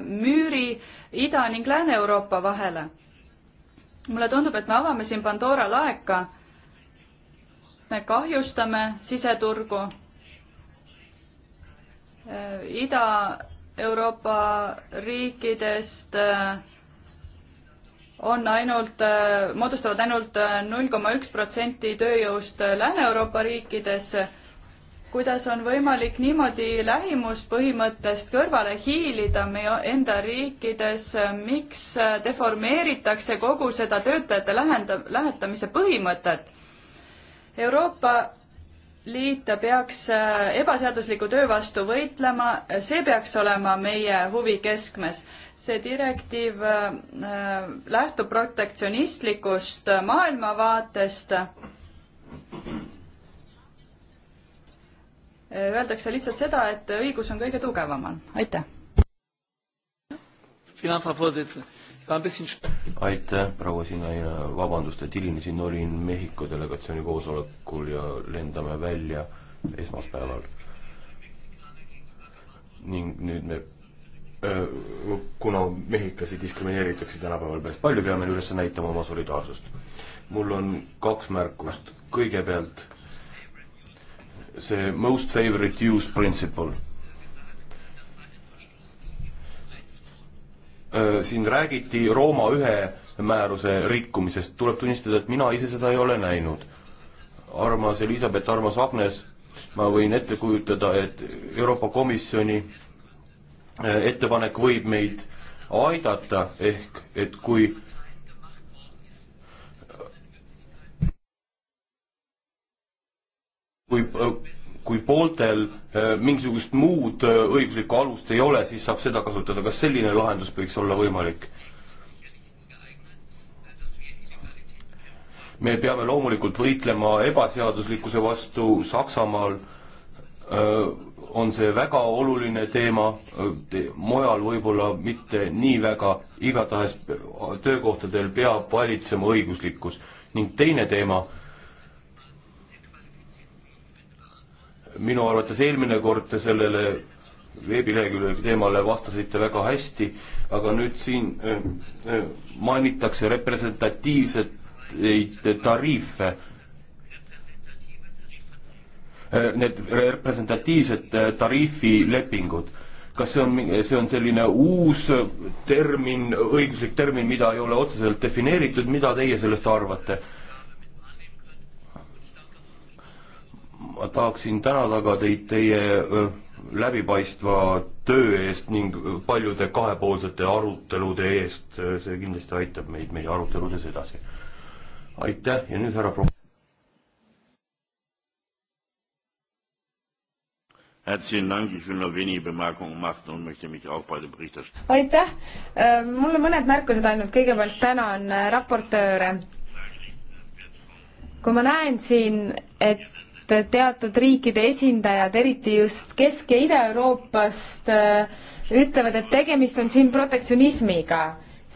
S3: müüri Ida- ning Lääne-Euroopa vahele. mulle tundub, et me avame siin Pandora laeka. me kahjustame siseturgu Äh, Ida-Euroopa riikidest äh, on ainult, äh, moodustavad ainult null koma üks protsenti tööjõust Lääne-Euroopa riikides. kuidas on võimalik niimoodi lähimuspõhimõttest kõrvale hiilida meie enda riikides, miks deformeeritakse kogu seda töötajate lähenda-, lähetamise põhimõtet? Euroopa liit peaks äh, ebaseadusliku töö vastu võitlema, see peaks olema meie huvi keskmes. see direktiiv äh, lähtub protektsionistlikust maailmavaatest. Öeldakse lihtsalt seda, et õigus on kõige tugevamal. aitäh
S2: aitäh, proua Sinaina, vabandust, et hilinesin, olin Mehhiko delegatsiooni koosolekul ja lendame välja esmaspäeval. ning nüüd me kuna mehhiklasi diskrimineeritakse tänapäeval päris palju, peame üles näitama oma solidaarsust. mul on kaks märkust. kõigepealt see most favorite use principle Äh, siin räägiti Rooma ühe määruse rikkumisest, tuleb tunnistada, et mina ise seda ei ole näinud. armas Elizabeth, armas Agnes, ma võin ette kujutada, et Euroopa Komisjoni äh, ettepanek võib meid aidata, ehk et kui kui, äh, kui pooltel Äh, mingisugust muud äh, õiguslikku alust ei ole, siis saab seda kasutada. kas selline lahendus võiks olla võimalik? me peame loomulikult võitlema ebaseaduslikkuse vastu Saksamaal äh, on see väga oluline teema, mujal võib-olla mitte nii väga, igatahes töökohtadel peab valitsema õiguslikkus. ning teine teema, minu arvates eelmine kord te sellele veebilehekülje teemale vastasite väga hästi, aga nüüd siin äh, äh, mainitakse representatiivseid tariife. Äh, need representatiivsed tariifilepingud, kas see on, see on selline uus termin, õiguslik termin, mida ei ole otseselt defineeritud, mida teie sellest arvate? ma tahaksin tänada ka teid teie läbipaistva töö eest ning paljude kahepoolsete arutelude eest, see kindlasti aitab meid meie aruteludes edasi. aitäh ja nüüd härra Pro-.
S4: aitäh, mul on mõned märkused ainult, kõigepealt tänan äh, raportööre. kui ma näen siin, et et teatud riikide esindajad, eriti just Kesk- ja Ida-Euroopast, äh, ütlevad, et tegemist on siin protektsionismiga,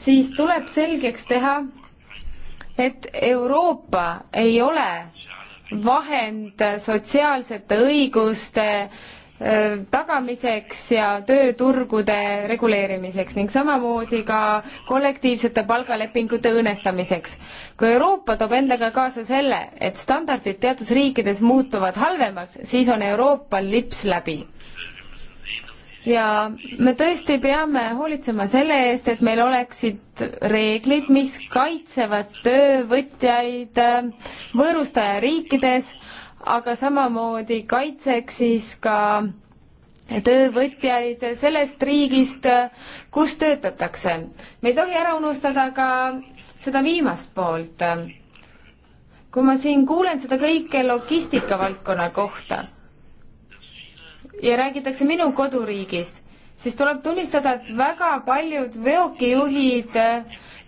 S4: siis tuleb selgeks teha, et Euroopa ei ole vahend sotsiaalsete õiguste äh, tagamiseks ja tööturgude reguleerimiseks ning samamoodi ka kollektiivsete palgalepingute õõnestamiseks. kui Euroopa toob endaga kaasa selle, et standardid teatud riikides muutuvad halvemaks, siis on Euroopal lips läbi ja me tõesti peame hoolitsema selle eest, et meil oleksid reeglid, mis kaitsevad töövõtjaid äh, võõrustaja riikides, aga samamoodi kaitseks siis ka töövõtjaid sellest riigist, kus töötatakse. me ei tohi ära unustada ka seda viimast poolt. kui ma siin kuulen seda kõike logistika valdkonna kohta ja räägitakse minu koduriigist, siis tuleb tunnistada, et väga paljud veokijuhid äh,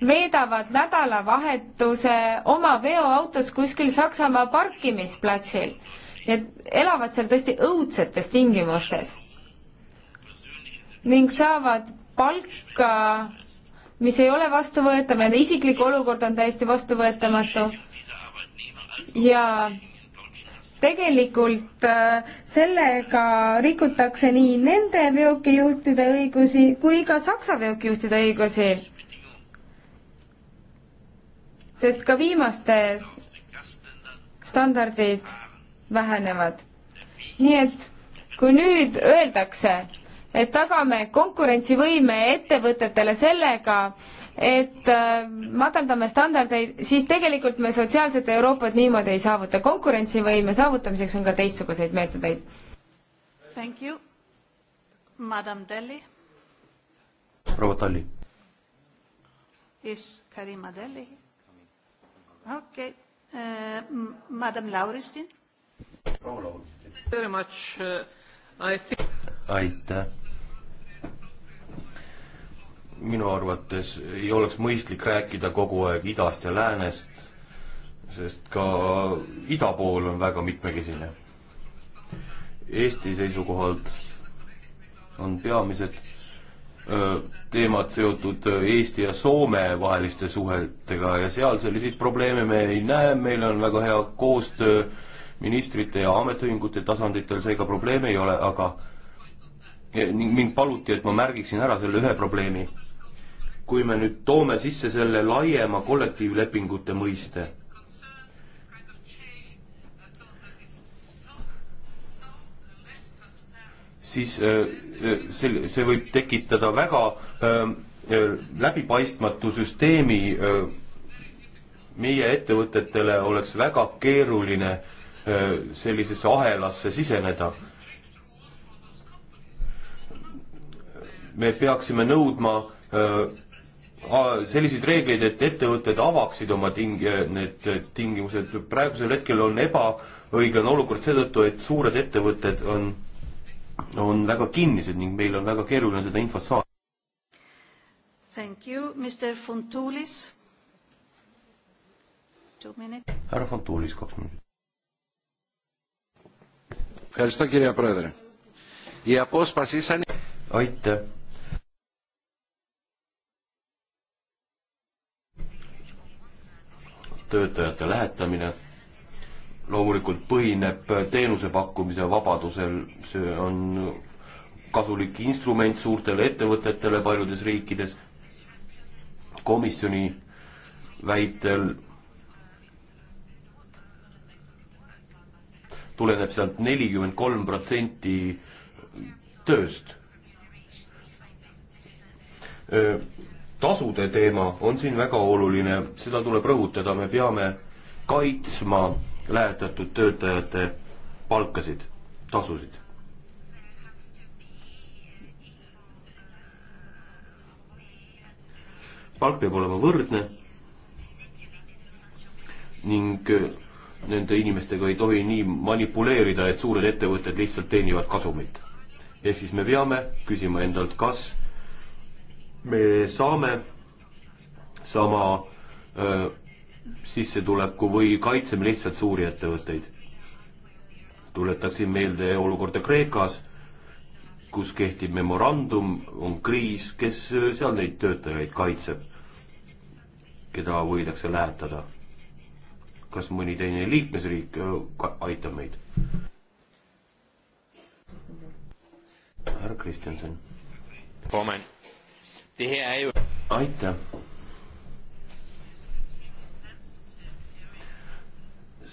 S4: veedavad nädalavahetuse oma veoautos kuskil Saksamaa parkimisplatsil. Need elavad seal tõesti õudsetes tingimustes ning saavad palka, mis ei ole vastuvõetav, nende isiklik olukord on täiesti vastuvõetamatu ja tegelikult äh, sellega rikutakse nii nende veokijuhtide õigusi kui ka Saksa veokijuhtide õigusi sest ka viimaste standardid vähenevad. nii et kui nüüd öeldakse, et tagame konkurentsivõime ettevõtetele sellega, et äh, madaldame standardeid, siis tegelikult me sotsiaalset Euroopat niimoodi ei saavuta. konkurentsivõime saavutamiseks on ka teistsuguseid meetodeid.
S1: Thank you. Madam Delli. proua Talli. Is Karima Delli? okei okay. uh,, eh, madam Lauristin. proua Lauristin. Very much uh,, I think.
S2: aitäh. minu arvates ei oleks mõistlik rääkida kogu aeg idast ja läänest, sest ka ida pool on väga mitmekesine. Eesti seisukohalt on peamised teemad seotud Eesti ja Soome vaheliste suhetega ja seal selliseid probleeme me ei näe, meil on väga hea koostöö ministrite ja ametiühingute tasanditel, seega probleeme ei ole, aga ning mind paluti, et ma märgiksin ära selle ühe probleemi. kui me nüüd toome sisse selle laiema kollektiivlepingute mõiste siis äh, äh, sel-, see võib tekitada väga ähm, äh, läbipaistmatu süsteemi. meie ettevõtetele oleks väga keeruline sellisesse ahelasse siseneda. me peaksime nõudma selliseid reegleid, et ettevõtted avaksid oma ting-, need tingimused. praegusel hetkel on ebaõiglane olukord seetõttu, et suured ettevõtted on on väga kinnised ning meil on väga keeruline seda infot saada.
S1: Thank you, Mr Funtulis. Two minutes.
S2: härra Funtulis, kaks minutit. Ευχαριστώ κυρία Πρόεδρε. Η απόσπαση σαν... Aitäh. töötajate lähetamine loomulikult põhineb teenuse pakkumise vabadusel, see on kasulik instrument suurtele ettevõtetele paljudes riikides. komisjoni väitel tuleneb sealt nelikümmend kolm protsenti tööst. tasude teema on siin väga oluline, seda tuleb rõhutada, me peame kaitsma lähetatud töötajate palkasid, tasusid. palk peab olema võrdne ning äh, nende inimestega ei tohi nii manipuleerida, et suured ettevõtted lihtsalt teenivad kasumit. ehk siis me peame küsima endalt, kas me saame sama öö, äh, sissetuleku või kaitseme lihtsalt suuri ettevõtteid. tuletaksin meelde olukorda Kreekas, kus kehtib memorandum, on kriis, kes seal neid töötajaid kaitseb, keda võidakse lähetada? kas mõni teine liikmesriik aitab meid? härra Kristjanson. Er aitäh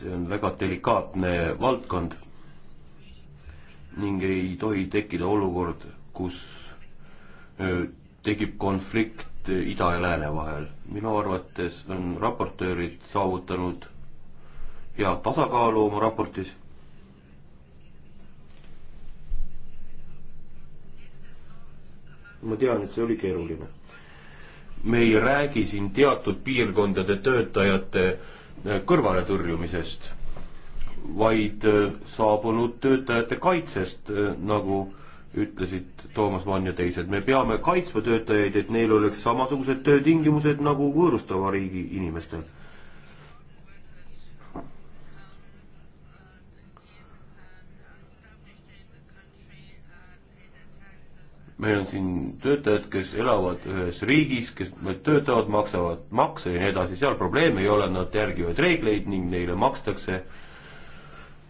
S2: see on väga delikaatne valdkond ning ei tohi tekkida olukord, kus tekib konflikt ida ja lääne vahel. minu arvates on raportöörid saavutanud hea tasakaalu oma raportis. ma tean, et see oli keeruline. me ei räägi siin teatud piirkondade töötajate äh, Äh, kõrvaletõrjumisest, vaid äh, saabunud töötajate kaitsest, äh, nagu ütlesid Toomas Mann ja teised. me peame kaitsma töötajaid, et neil oleks samasugused töötingimused nagu võõrustava riigi inimestel meil on siin töötajad, kes elavad ühes riigis, kes töötavad, maksavad makse ja nii edasi, seal probleeme ei ole, nad järgivad reegleid ning neile makstakse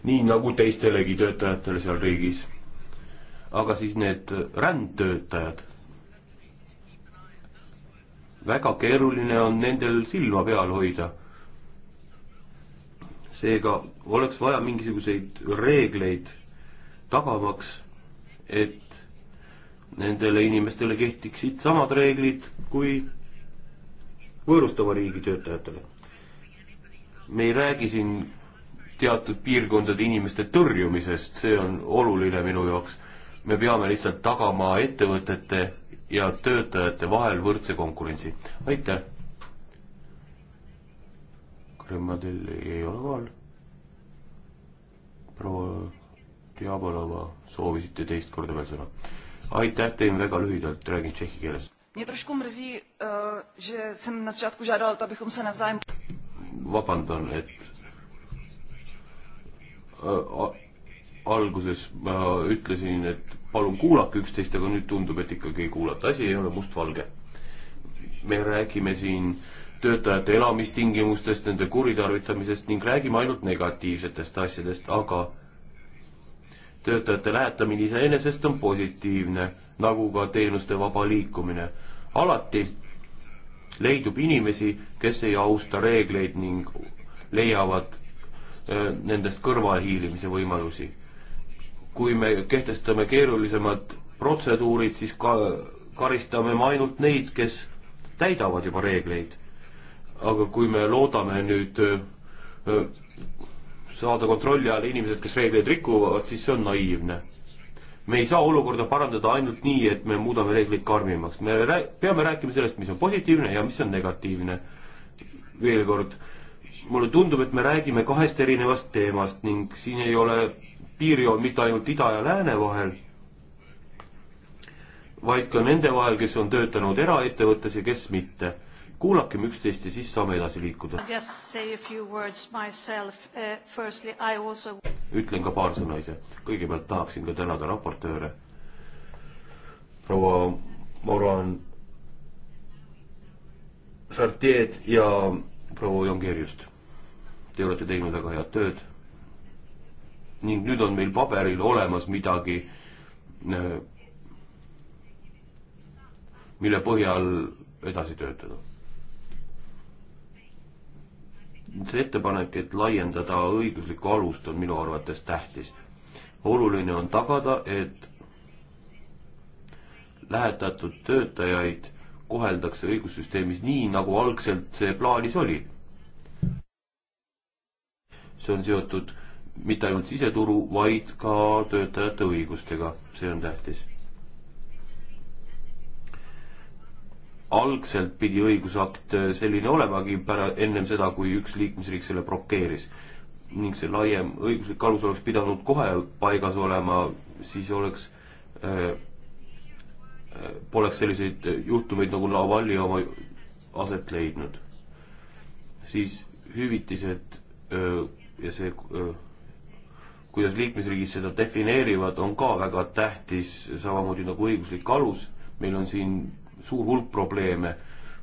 S2: nii nagu teistelegi töötajatele seal riigis. aga siis need rändtöötajad, väga keeruline on nendel silma peal hoida. seega oleks vaja mingisuguseid reegleid tagamaks, et nendele inimestele kehtiksid samad reeglid kui võõrustava riigi töötajatele. me ei räägi siin teatud piirkondade inimeste tõrjumisest, see on oluline minu jaoks. me peame lihtsalt tagama ettevõtete ja töötajate vahel võrdse konkurentsi. aitäh! Kremmadel ei ole kohal. proua Diabolova, soovisite teist korda veel sõna? aitäh, teen väga lühidalt, räägin tšehhi keeles.
S1: Mě trošku mrzí, eh, že jsem na začátku žádala to, abychom se navzájem...
S2: Vabandan, et eh, alguses ma eh, ütlesin, et palun kuulake üksteist, aga nüüd tundub, et ikkagi ei kuulata, asi ei ole mustvalge. me räägime siin töötajate elamistingimustest, nende kuritarvitamisest ning räägime ainult negatiivsetest asjadest, aga töötajate lähetamine iseenesest on positiivne, nagu ka teenuste vaba liikumine. alati leidub inimesi, kes ei austa reegleid ning leiavad öö, nendest kõrvalehiilimise võimalusi. kui me kehtestame keerulisemad protseduurid, siis ka karistame me ainult neid, kes täidavad juba reegleid. aga kui me loodame nüüd öö, saada kontrolli alla inimesed, kes reegleid rikuvad, siis see on naiivne. me ei saa olukorda parandada ainult nii, et me muudame reegleid karmimaks, me rää-, peame rääkima sellest, mis on positiivne ja mis on negatiivne. veel kord, mulle tundub, et me räägime kahest erinevast teemast ning siin ei ole piirjoon mitte ainult ida ja lääne vahel, vaid ka nende vahel, kes on töötanud eraettevõttes ja kes mitte kuulakem üksteist ja siis saame edasi liikuda. Uh, also... ütlen ka paar sõna ise. kõigepealt tahaksin ka tänada raportööre, proua Moran Chartier ja proua Jongeeriust. Te olete teinud väga head tööd ning nüüd on meil paberil olemas midagi, äh, mille põhjal edasi töötada see ettepanek, et laiendada õiguslikku alust, on minu arvates tähtis. oluline on tagada, et lähetatud töötajaid koheldakse õigussüsteemis nii, nagu algselt see plaanis oli. see on seotud mitte ainult siseturu, vaid ka töötajate õigustega, see on tähtis. algselt pidi õigusakt äh, selline olemagi pära-, ennem seda, kui üks liikmesriik selle blokeeris. ning see laiem õiguslik alus oleks pidanud kohe paigas olema, siis oleks äh, äh poleks selliseid äh, juhtumeid nagu Navalnõi oma aset leidnud. siis hüvitised öö, ja see, kuidas liikmesriigid seda defineerivad, on ka väga tähtis, samamoodi nagu õiguslik alus. meil on siin suur hulk probleeme,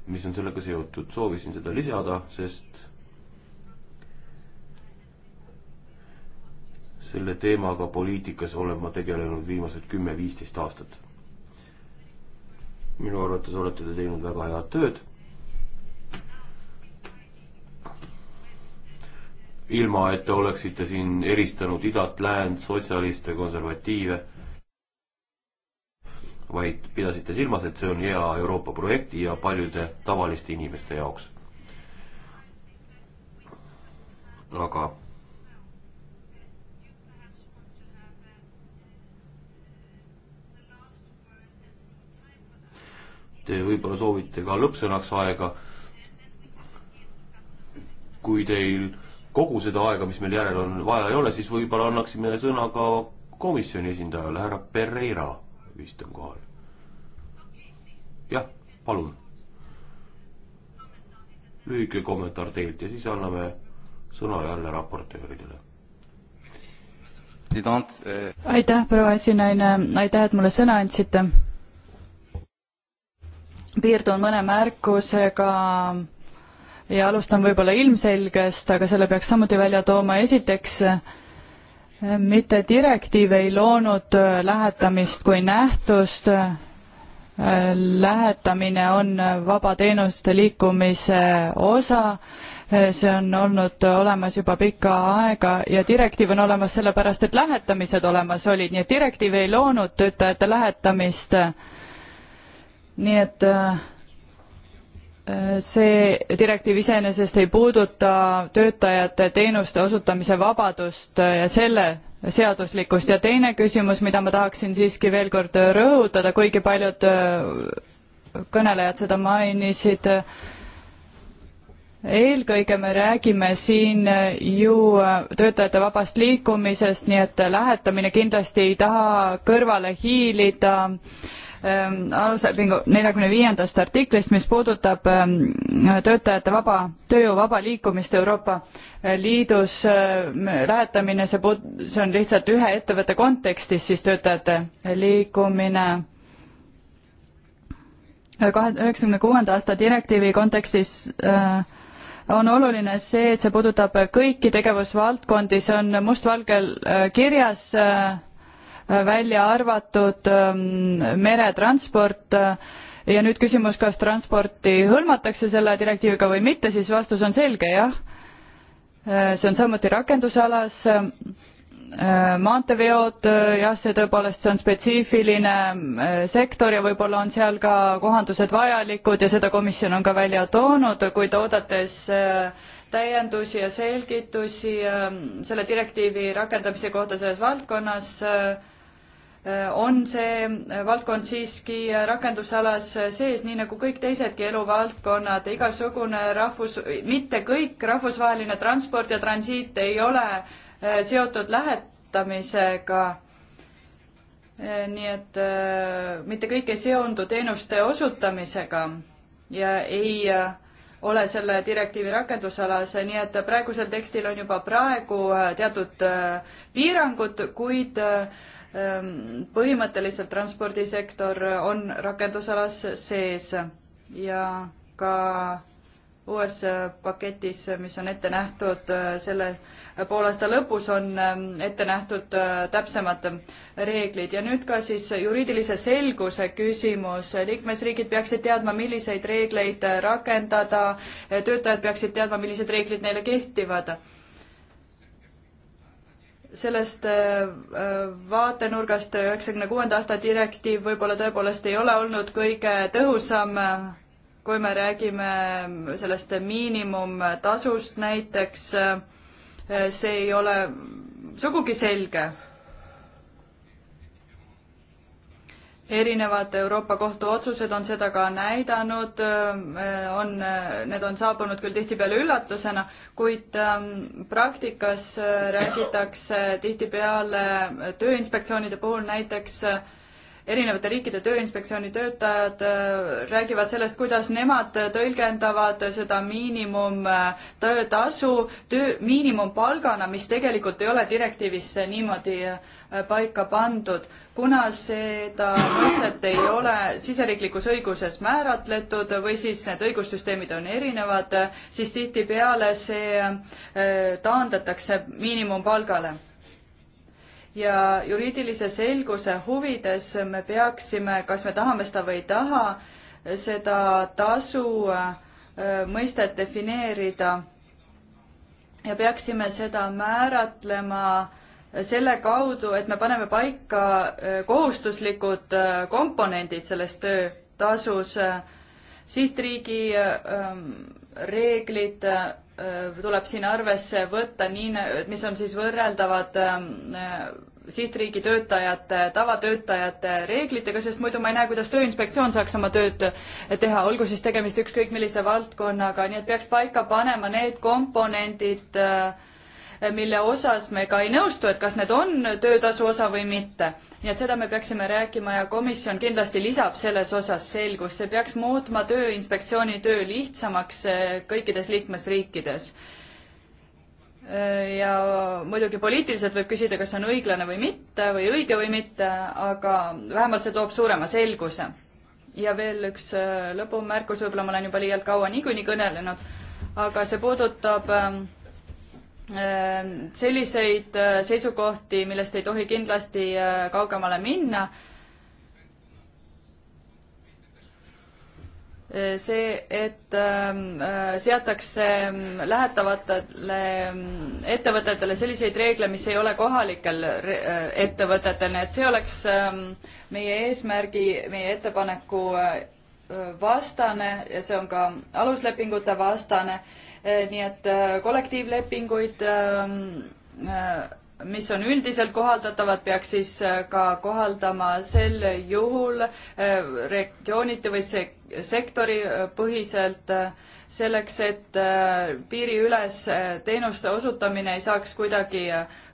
S2: mis on sellega seotud. soovisin seda lisada, sest selle teemaga poliitikas olen ma tegelenud viimased kümme-viisteist aastat. minu arvates olete te teinud väga head tööd. ilma, et te oleksite siin eristanud idat, läänd, sotsialiste, konservatiive vaid pidasite silmas, et see on hea Euroopa projekti ja paljude tavaliste inimeste jaoks. aga Te võib-olla soovite ka lõppsõnaks aega. kui teil kogu seda aega, mis meil järel on, vaja ei ole, siis võib-olla annaksime sõna ka komisjoni esindajale, härra Pereira vist on kohal. jah, palun. lühike kommentaar teilt ja siis anname sõna jälle raportööridele.
S1: Eh,
S3: aitäh, proua esinaine, aitäh, et mulle sõna andsite. piirdun mõne märkusega ja alustan võib-olla ilmselgest, aga selle peaks samuti välja tooma. esiteks äh, mitte direktiiv ei loonud äh, lähetamist kui nähtust, äh, lähetamine on vaba teenuste liikumise osa, äh, see on olnud olemas juba pikka aega ja direktiiv on olemas sellepärast, et lähetamised olemas olid, nii et direktiiv ei loonud töötajate lähetamist. nii et äh, see direktiiv iseenesest ei puuduta töötajate teenuste osutamise vabadust ja selle seaduslikkust ja teine küsimus, mida ma tahaksin siiski veel kord rõhutada, kuigi paljud äh, kõnelejad seda mainisid, eelkõige me räägime siin ju äh, töötajate vabast liikumisest, nii et lähetamine kindlasti ei taha kõrvale hiilida äh, Ehm, aluslepingu neljakümne viiendast artiklist, mis puudutab ehm, töötajate vaba, tööjõu vaba liikumist Euroopa eh, Liidus. Ehm, lähetamine, see puud-, see on lihtsalt ühe ettevõtte kontekstis siis töötajate liikumine kahe, üheksakümne kuuenda aasta direktiivi kontekstis äh, on oluline see, et see puudutab kõiki tegevusvaldkondi, see on mustvalgel äh, kirjas äh, välja arvatud ähm, meretransport ja nüüd küsimus, kas transporti hõlmatakse selle direktiiviga või mitte, siis vastus on selge, jah. Äh, see on samuti rakendusalas, äh, maanteeveod, äh, jah, see tõepoolest, see on spetsiifiline sektor ja võib-olla on seal ka kohandused vajalikud ja seda komisjon on ka välja toonud, kuid oodates täiendusi ja selgitusi ähm, selle direktiivi rakendamise kohta selles valdkonnas äh, Äh, on see äh, valdkond siiski äh, rakendusalas sees, nii nagu kõik teisedki eluvaldkonnad, igasugune rahvus, mitte kõik rahvusvaheline transport ja transiit ei ole seotud lähetamisega. nii et mitte kõik ei seondu teenuste osutamisega ja ei ole selle direktiivi rakendusalas, nii et praegusel tekstil on juba praegu teatud piirangud, kuid äh, Ehm, põhimõtteliselt transpordisektor on rakendusalas sees ja ka uues paketis, mis on ette nähtud eh, selle poolaasta lõpus, on ehm, ette nähtud eh, täpsemad reeglid ja nüüd ka siis juriidilise selguse küsimus. liikmesriigid peaksid teadma, milliseid reegleid rakendada, töötajad peaksid teadma, millised reeglid neile kehtivad sellest äh, äh, vaatenurgast üheksakümne kuuenda aasta direktiiv võib-olla tõepoolest ei ole olnud kõige tõhusam, kui me räägime sellest miinimumtasust näiteks, äh, see ei ole sugugi selge erinevad Euroopa Kohtu otsused on seda ka näidanud, äh, on, need on saabunud küll tihtipeale üllatusena, kuid ähm, praktikas äh, räägitakse tihtipeale tööinspektsioonide puhul näiteks äh, erinevate riikide tööinspektsiooni töötajad äh, räägivad sellest, kuidas nemad tõlgendavad seda miinimumtöötasu töö, miinimumpalgana, mis tegelikult ei ole direktiivis niimoodi äh, paika pandud. kuna seda mõistet ei ole siseriiklikus õiguses määratletud või siis need õigussüsteemid on erinevad, äh, siis tihtipeale see taandatakse miinimumpalgale ja juriidilise selguse huvides me peaksime, kas me tahame seda või ei taha, seda tasu äh, mõistet defineerida ja peaksime seda määratlema selle kaudu, et me paneme paika äh, kohustuslikud äh, komponendid selles töötasus, sihtriigi ähm, reeglid Äh, tuleb siin arvesse võtta nii, mis on siis võrreldavad ähm, äh, sihtriigi töötajate, tavatöötajate reeglitega, sest muidu ma ei näe, kuidas Tööinspektsioon saaks oma tööd äh, teha, olgu siis tegemist ükskõik millise valdkonnaga, nii et peaks paika panema need komponendid äh,, mille osas me ka ei nõustu, et kas need on töötasu osa või mitte. nii et seda me peaksime rääkima ja komisjon kindlasti lisab selles osas selgust, see peaks muutma Tööinspektsiooni töö lihtsamaks eh, kõikides liikmesriikides eh, ja muidugi poliitiliselt võib küsida, kas see on õiglane või mitte või õige või mitte, aga vähemalt see toob suurema selguse. ja veel üks eh, lõpumärkus, võib-olla ma olen juba liialt kaua niikuinii kõnelenud, aga see puudutab äh, Ehm, selliseid äh, seisukohti, millest ei tohi kindlasti äh, kaugemale minna. Ehm, see, et ehm, äh, seatakse lähetavatele ettevõtetele selliseid reegleid, mis ei ole kohalikel ettevõtetel, nii et see oleks meie eesmärgi, meie ettepaneku vastane ja see on ka aluslepingute vastane Eh, nii et eh, kollektiivlepinguid, ehm, eh, mis on üldiselt kohaldatavad, peaks siis ka kohaldama sel juhul regiooniti või sek-, sektoripõhiselt selleks, et piiriüles teenuste osutamine ei saaks kuidagi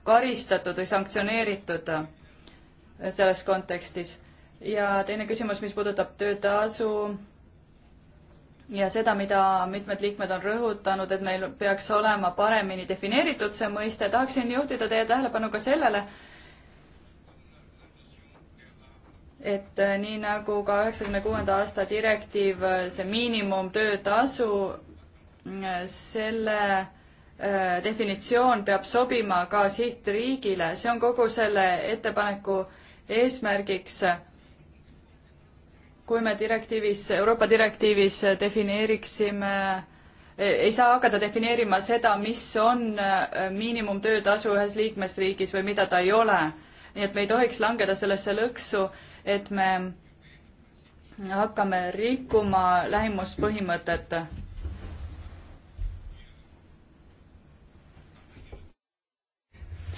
S3: karistatud või sanktsioneeritud selles kontekstis. ja teine küsimus, mis puudutab töötasu ja seda, mida mitmed liikmed on rõhutanud, et meil peaks olema paremini defineeritud see mõiste, tahaksin juhtida teie tähelepanu ka sellele, et eh, nii nagu ka üheksakümne kuuenda aasta direktiiv, eh, see miinimumtöötasu, eh, selle definitsioon peab sobima ka sihtriigile, see on kogu selle ettepaneku eesmärgiks kui me direktiivis, Euroopa direktiivis defineeriksime ei saa hakata defineerima seda, mis on äh, miinimumtöötasu ühes liikmesriigis või mida ta ei ole. nii et me ei tohiks langeda sellesse lõksu, et me hakkame rikkuma lähimuspõhimõtet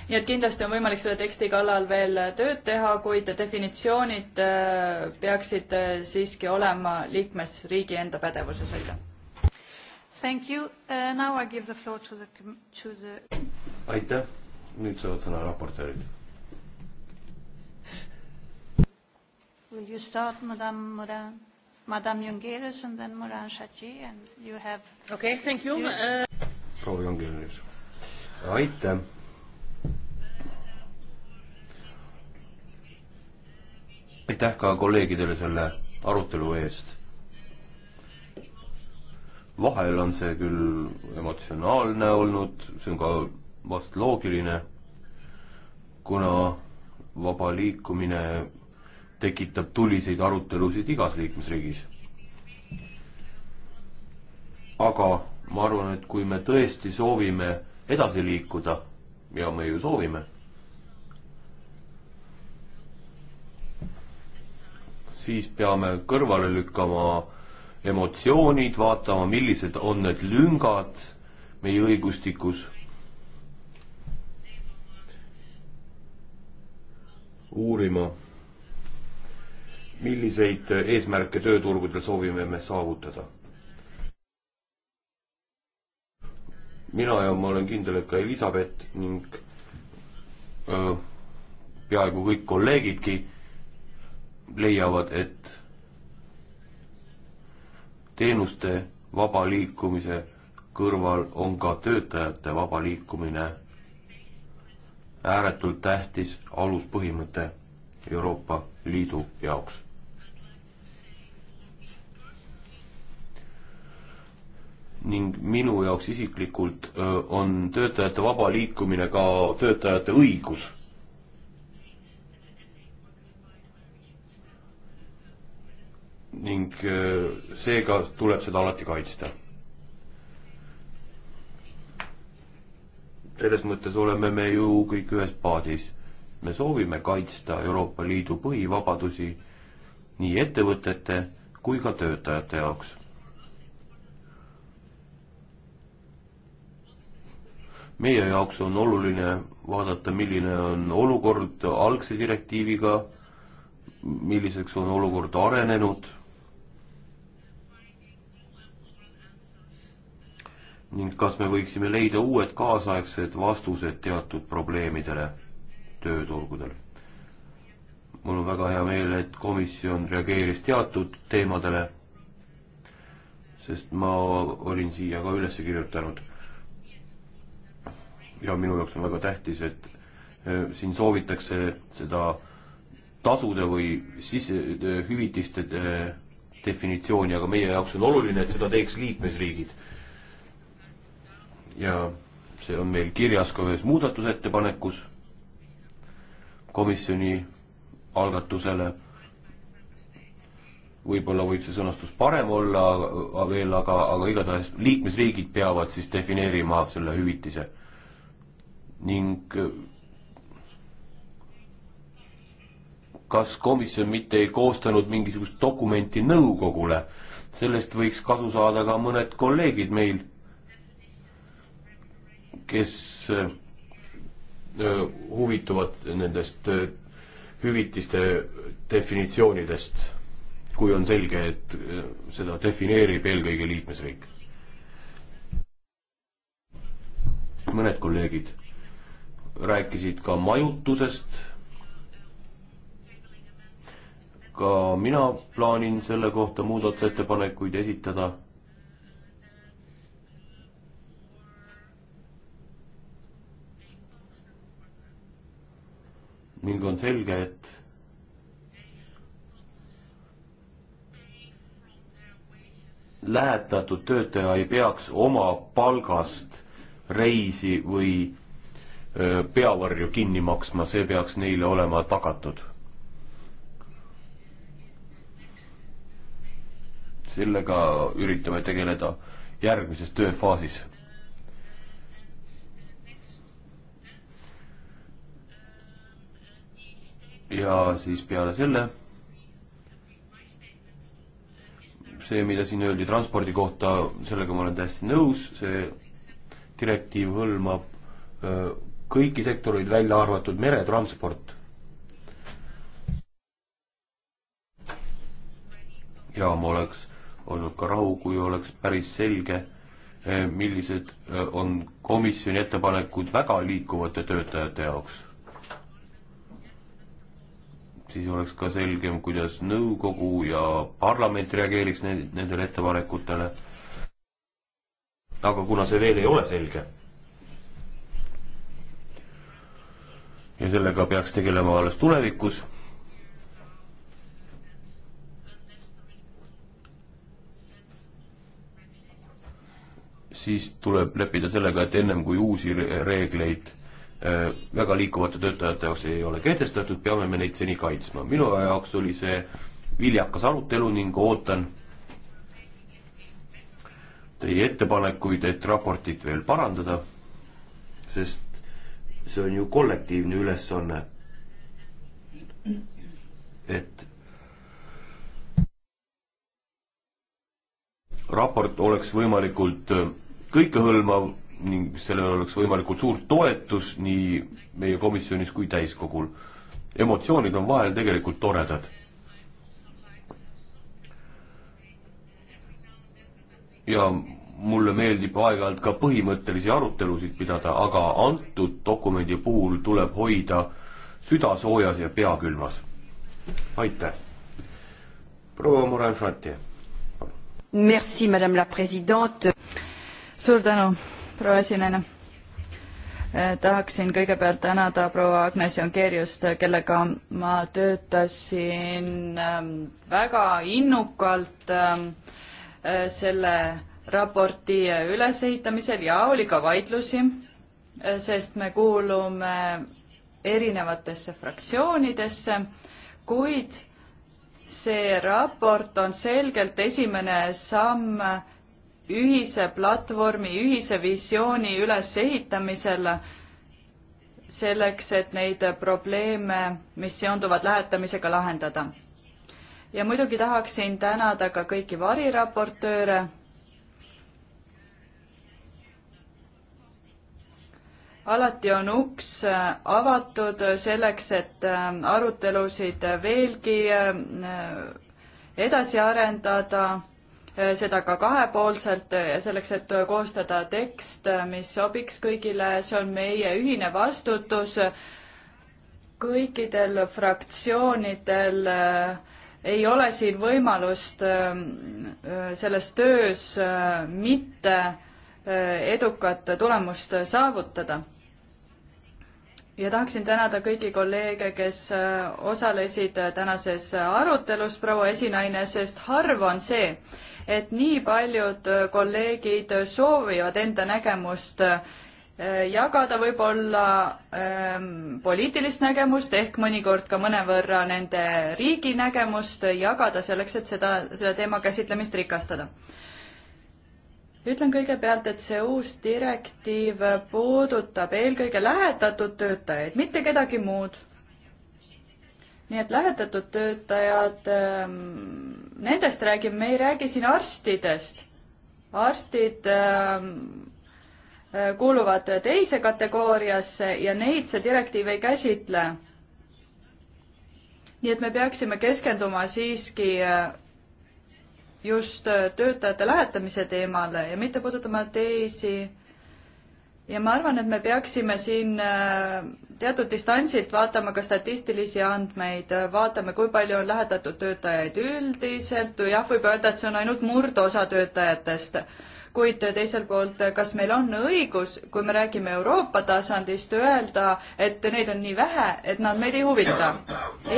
S3: nii et kindlasti on võimalik selle teksti kallal veel äh, tööd teha, kuid definitsioonid äh, peaksid äh, siiski olema liikmesriigi enda pädevuses, aitäh.
S1: Thank you uh,, now I give the floor to the, to the.
S2: aitäh, nüüd saavad sõna raportöörid.
S1: Will you start, madam Moran? Madame Jungerius and then Moran Chatti and you have. okei okay,, thank you. Uh,
S2: proua Jungerius, aitäh aitäh ka kolleegidele selle arutelu eest. vahel on see küll emotsionaalne olnud, see on ka vast loogiline, kuna vaba liikumine tekitab tuliseid arutelusid igas liikmesriigis. aga ma arvan, et kui me tõesti soovime edasi liikuda ja me ju soovime siis peame kõrvale lükkama emotsioonid, vaatama, millised on need lüngad meie õigustikus. uurima, milliseid eesmärke tööturgudel soovime me saavutada. mina ja ma olen kindel, et ka Elizabeth ning öö, äh, peaaegu kõik kolleegidki leiavad, et teenuste vaba liikumise kõrval on ka töötajate vaba liikumine ääretult tähtis aluspõhimõte Euroopa Liidu jaoks. ning minu jaoks isiklikult on töötajate vaba liikumine ka töötajate õigus ning äh, seega tuleb seda alati kaitsta. selles mõttes oleme me ju kõik ühes paadis. me soovime kaitsta Euroopa Liidu põhivabadusi nii ettevõtete kui ka töötajate jaoks. meie jaoks on oluline vaadata, milline on olukord algse direktiiviga, milliseks on olukord arenenud ning kas me võiksime leida uued kaasaegsed vastused teatud probleemidele tööturgudel. mul on väga hea meel, et komisjon reageeris teatud teemadele, sest ma olin siia ka üles kirjutanud. ja minu jaoks on väga tähtis, et e, siin soovitakse seda tasude või siis e, hüvitiste e, definitsiooni, aga meie jaoks on oluline, et seda teeks liikmesriigid ja see on meil kirjas ka ühes muudatusettepanekus komisjoni algatusele. võib-olla võib see sõnastus parem olla veel, aga, aga igatahes liikmesriigid peavad siis defineerima selle hüvitise ning kas komisjon mitte ei koostanud mingisugust dokumenti nõukogule, sellest võiks kasu saada ka mõned kolleegid meil kes äh, huvituvad nendest äh, hüvitiste definitsioonidest, kui on selge, et äh, seda defineerib eelkõige liikmesriik. mõned kolleegid rääkisid ka majutusest. ka mina plaanin selle kohta muudatusettepanekuid esitada ning on selge, et lähetatud töötaja ei peaks oma palgast reisi või peavarju kinni maksma, see peaks neile olema tagatud. sellega üritame tegeleda järgmises tööfaasis ja siis peale selle see, mida siin öeldi transpordi kohta, sellega ma olen täiesti nõus, see direktiiv hõlmab öö, kõiki sektoreid, välja arvatud meretransport. ja ma oleks olnud ka rahu, kui oleks päris selge, millised on komisjoni ettepanekud väga liikuvate töötajate jaoks siis oleks ka selgem, kuidas nõukogu ja parlament reageeriks nendele ettepanekutele. aga kuna see veel ei ole selge ja sellega peaks tegelema alles tulevikus, siis tuleb leppida sellega, et ennem kui uusi reegleid Äh, väga liikuvate töötajate jaoks ei ole kehtestatud, peame me neid seni kaitsma. minu jaoks oli see viljakas arutelu ning ootan teie ettepanekuid, et raportit veel parandada, sest see on ju kollektiivne ülesanne. et raport oleks võimalikult kõikehõlmav ning sellel oleks võimalikult suur toetus nii meie komisjonis kui täiskogul. emotsioonid on vahel tegelikult toredad. ja mulle meeldib aeg-ajalt ka põhimõttelisi arutelusid pidada, aga antud dokumendi puhul tuleb hoida süda soojas ja pea külmas. aitäh. proua Morin-Chartier.
S3: Merci, madame la president. suur tänu proua esinaine. Eh, tahaksin kõigepealt tänada proua Agnes Jongeeriust, kellega ma töötasin ehm, väga innukalt ehm, eh, selle raporti ülesehitamisel ja oli ka vaidlusi, eh, sest me kuulume erinevatesse fraktsioonidesse, kuid see raport on selgelt esimene samm ühise platvormi, ühise visiooni ülesehitamisel, selleks, et neid probleeme, mis seonduvad lähetamisega, lahendada. ja muidugi tahaksin tänada ka kõiki variraportööre, alati on uks äh, avatud selleks, et äh, arutelusid veelgi äh, edasi arendada Äh, seda ka kahepoolselt, äh, selleks et koostada tekst, äh, mis sobiks kõigile, see on meie ühine vastutus. kõikidel fraktsioonidel ei ole siin võimalust ähm, selles töös mitte edukat tulemust saavutada ja tahaksin tänada kõiki kolleege, kes osalesid tänases arutelus, proua esinaine, sest harv on see, et nii paljud äh, kolleegid soovivad enda nägemust äh, jagada võib-olla ähm, poliitilist nägemust ehk mõnikord ka mõnevõrra nende riigi nägemust jagada selleks, et seda, selle teema käsitlemist rikastada. ütlen kõigepealt, et see uus direktiiv puudutab eelkõige lähetatud töötajaid, mitte kedagi muud. nii et lähetatud töötajad ähm, nendest räägime, me ei räägi siin arstidest. arstid ähm, äh, kuuluvad teise kategooriasse ja neid see direktiiv ei käsitle. nii et me peaksime keskenduma siiski äh, just äh, töötajate lähetamise teemale ja mitte puudutama teisi. ja ma arvan, et me peaksime siin äh, teatud distantsilt vaatame ka statistilisi andmeid, vaatame, kui palju on lähetatud töötajaid üldiselt, jah, võib öelda, et see on ainult murdosa töötajatest, kuid teiselt poolt, kas meil on õigus, kui me räägime Euroopa tasandist, öelda, et neid on nii vähe, et nad meid ei huvita?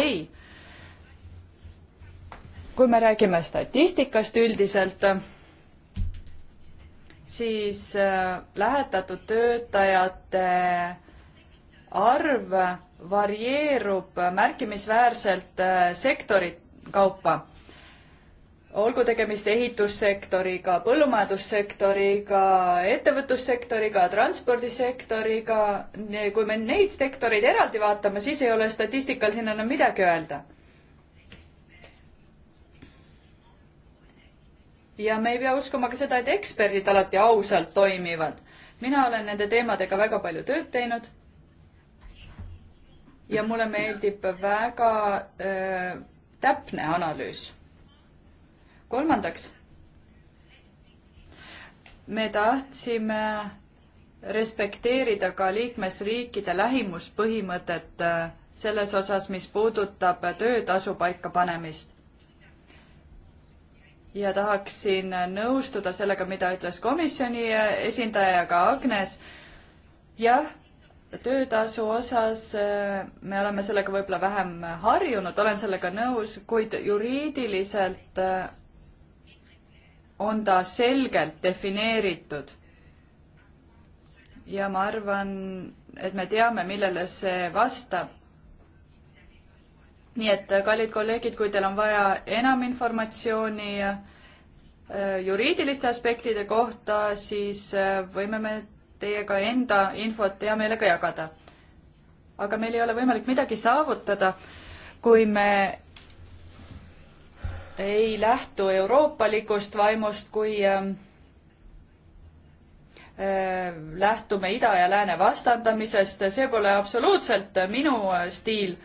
S3: ei. kui me räägime statistikast üldiselt, siis äh, lähetatud töötajate äh, arv varieerub märkimisväärselt äh, sektori kaupa. olgu tegemist ehitussektoriga, põllumajandussektoriga, ettevõtlussektoriga, transpordisektoriga, kui me neid sektoreid eraldi vaatame, siis ei ole statistikal siin enam midagi öelda ja me ei pea uskuma ka seda, et eksperdid alati ausalt toimivad. mina olen nende teemadega väga palju tööd teinud ja mulle meeldib väga äh, täpne analüüs. kolmandaks, me tahtsime respekteerida ka liikmesriikide lähimuspõhimõtet äh, selles osas, mis puudutab töötasu paikapanemist. ja tahaksin nõustuda sellega, mida ütles komisjoni esindaja ka Agnes. jah töötasu osas äh, me oleme sellega võib-olla vähem harjunud, olen sellega nõus, kuid juriidiliselt äh, on ta selgelt defineeritud. ja ma arvan, et me teame, millele see vastab. nii et, äh, kallid kolleegid, kui teil on vaja enam informatsiooni juriidiliste aspektide kohta, siis võime me teiega enda infot hea meelega jagada. aga meil ei ole võimalik midagi saavutada, kui me ei lähtu euroopalikust vaimust, kui ähm, äh, lähtume ida ja lääne vastandamisest, see pole absoluutselt minu stiil.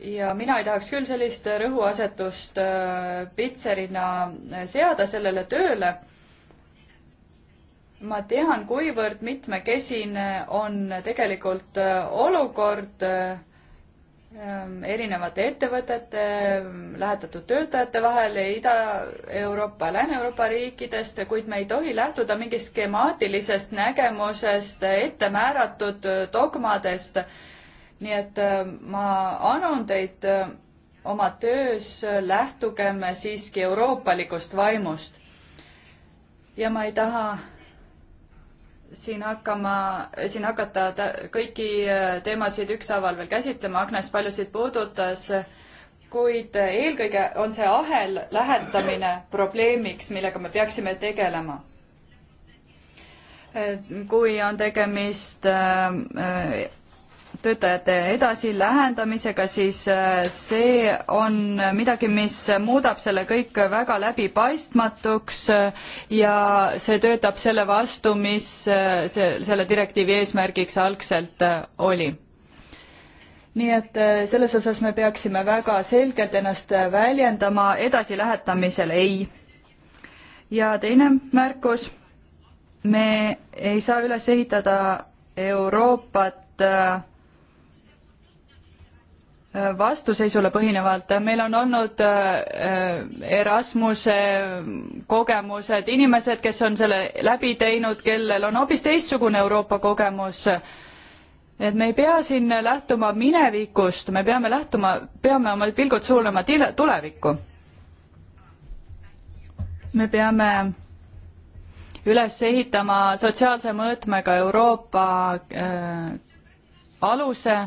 S3: ja mina ei tahaks küll sellist rõhuasetust äh, pitserina seada sellele tööle ma tean, kuivõrd mitmekesine on tegelikult äh, olukord äh, ähm, erinevate ettevõtete, ähm, lähetatud töötajate vahel Ida-Euroopa ja Lääne-Euroopa riikidest, kuid me ei tohi lähtuda mingist skemaatilisest nägemusest, ettemääratud äh, dogmadest. nii et ma annan teid oma töös, lähtugem siiski euroopalikust vaimust. ja ma ei taha siin hakkama, siin hakata kõiki äh, teemasid ükshaaval veel käsitlema, Agnes paljusid puudutas, kuid eelkõige on see ahel lähetamine probleemiks, millega me peaksime tegelema. Äh, kui on tegemist äh, töötajate edasilähendamisega, siis äh, see on midagi, mis muudab selle kõik väga läbipaistmatuks äh, ja see töötab selle vastu, mis äh, see, selle direktiivi eesmärgiks algselt oli nii et selles osas me peaksime väga selgelt ennast väljendama, edasilähetamisel ei. ja teine märkus, me ei saa üles ehitada Euroopat äh, vastuseisule põhinevalt, meil on olnud äh, Erasmuse mm, kogemused, inimesed, kes on selle läbi teinud, kellel on hoopis teistsugune Euroopa kogemus. et me ei pea siin lähtuma minevikust, me peame lähtuma, peame oma pilgud suunama tulevikku. me peame üles ehitama sotsiaalse mõõtmega Euroopa äh, aluse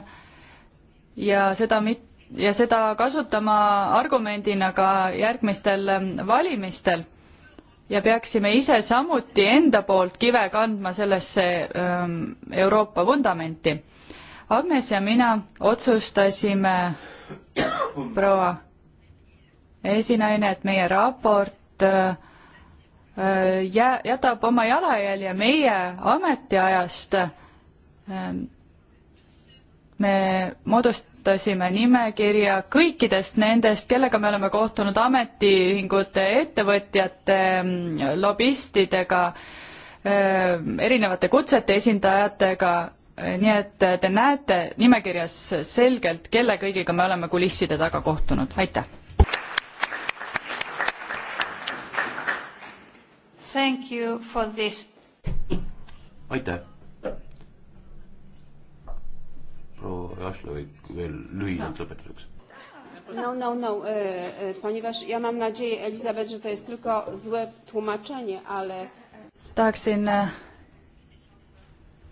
S3: ja seda mit-, ja seda kasutama argumendina ka järgmistel ähm, valimistel. ja peaksime ise samuti enda poolt kive kandma sellesse ähm, Euroopa vundamenti. Agnes ja mina otsustasime, (coughs) proua esinaine, et meie raport äh, äh, jää-, jätab oma jalajälje meie ametiajast ähm, me moodustasime nimekirja kõikidest nendest, kellega me oleme kohtunud ametiühingute, ettevõtjate, lobistidega, äh, erinevate kutsete esindajatega, nii et te näete nimekirjas selgelt, kelle kõigiga me oleme kulisside taga kohtunud, aitäh!
S1: Thank you for this.
S2: aitäh! proua Jašlevi veel lühidalt lõpetuseks.
S1: No, no, no, e,
S4: e, ponieważ ja mam nadzieję, Elizabeth, że to jest tylko złe tłumaczenie, ale...
S3: Tahaksin e,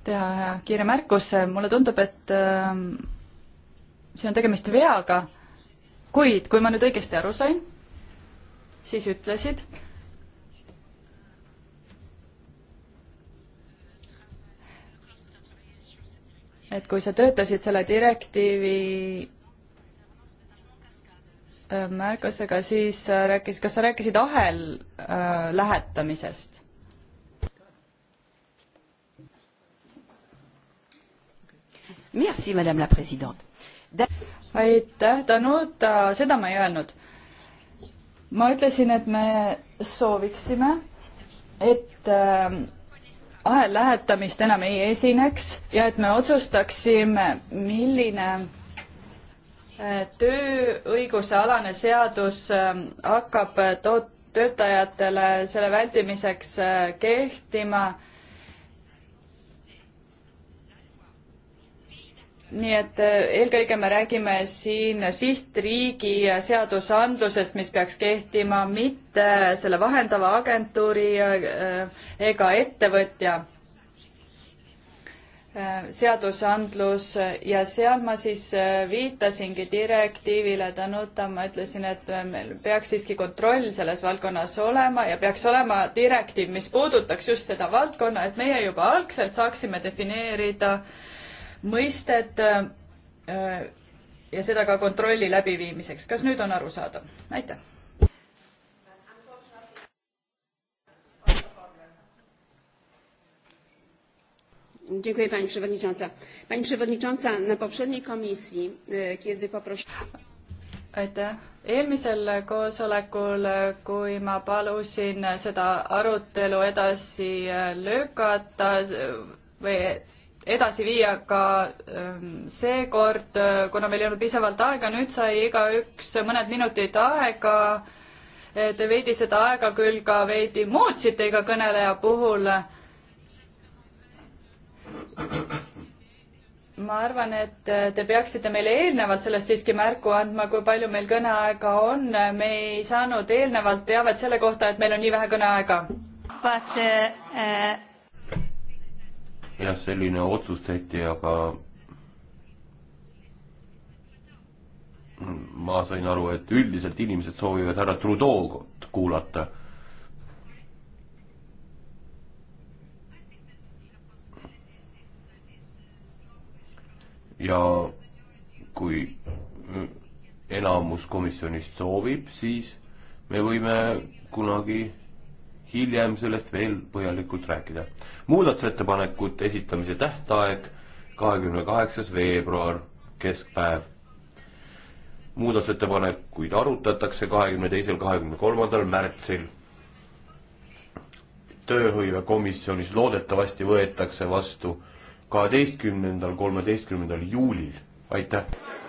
S3: teha kiire märkuse. Mulle tundub, et äh, siin on tegemist veaga, kuid kui ma nüüd õigesti aru sain, siis ütlesid, et kui sa töötasid selle direktiivi äh, märkusega, siis äh, rääkis, kas sa rääkisid ahel äh, lähetamisest? Merci, madame la president. aitäh, Danuta, seda ma ei öelnud. ma ütlesin, et me sooviksime, et äh, ahellähetamist enam ei esineks ja et me otsustaksime, milline äh, tööõiguse alane seadus äh, hakkab toot-, töötajatele selle vältimiseks äh, kehtima nii et äh, eelkõige me räägime siin sihtriigi seadusandlusest, mis peaks kehtima mitte äh, selle vahendava agentuuri äh, ega ettevõtja seadusandlus ja seal ma siis viitasingi direktiivile Danuta, ma ütlesin, et meil peaks siiski kontroll selles valdkonnas olema ja peaks olema direktiiv, mis puudutaks just seda valdkonna, et meie juba algselt saaksime defineerida äh, mõistet äh, äh, ja seda ka kontrolli läbiviimiseks. kas nüüd on arusaadav?
S1: aitäh. Dziękuję Pani Przewodnicząca. Pani
S4: Przewodnicząca, na poprzedniej komisji, e, kiedy poprosiłam...
S3: Aitäh. Eelmisel koosolekul, kui ma palusin seda arutelu edasi e, lükata e, või edasi viia, aga ähm, seekord, äh, kuna meil ei olnud piisavalt aega, nüüd sai igaüks mõned minutid aega. Äh, te veidi seda aega küll ka veidi muutsite iga kõneleja puhul. ma arvan, et äh, te peaksite meile eelnevalt sellest siiski märku andma, kui palju meil kõneaega on. me ei saanud eelnevalt teavet selle kohta, et meil on nii vähe kõneaega. But uh,
S1: uh
S2: jah, selline otsus tehti, aga ma sain aru, et üldiselt inimesed soovivad härra Trudeau'd kuulata. ja kui enamus komisjonist soovib, siis me võime kunagi hiljem sellest veel põhjalikult rääkida. muudatusettepanekute esitamise tähtaeg kahekümne kaheksas veebruar, keskpäev. muudatusettepanekuid arutatakse kahekümne teisel, kahekümne kolmandal märtsil. tööhõivekomisjonis loodetavasti võetakse vastu kaheteistkümnendal, kolmeteistkümnendal juulil. aitäh!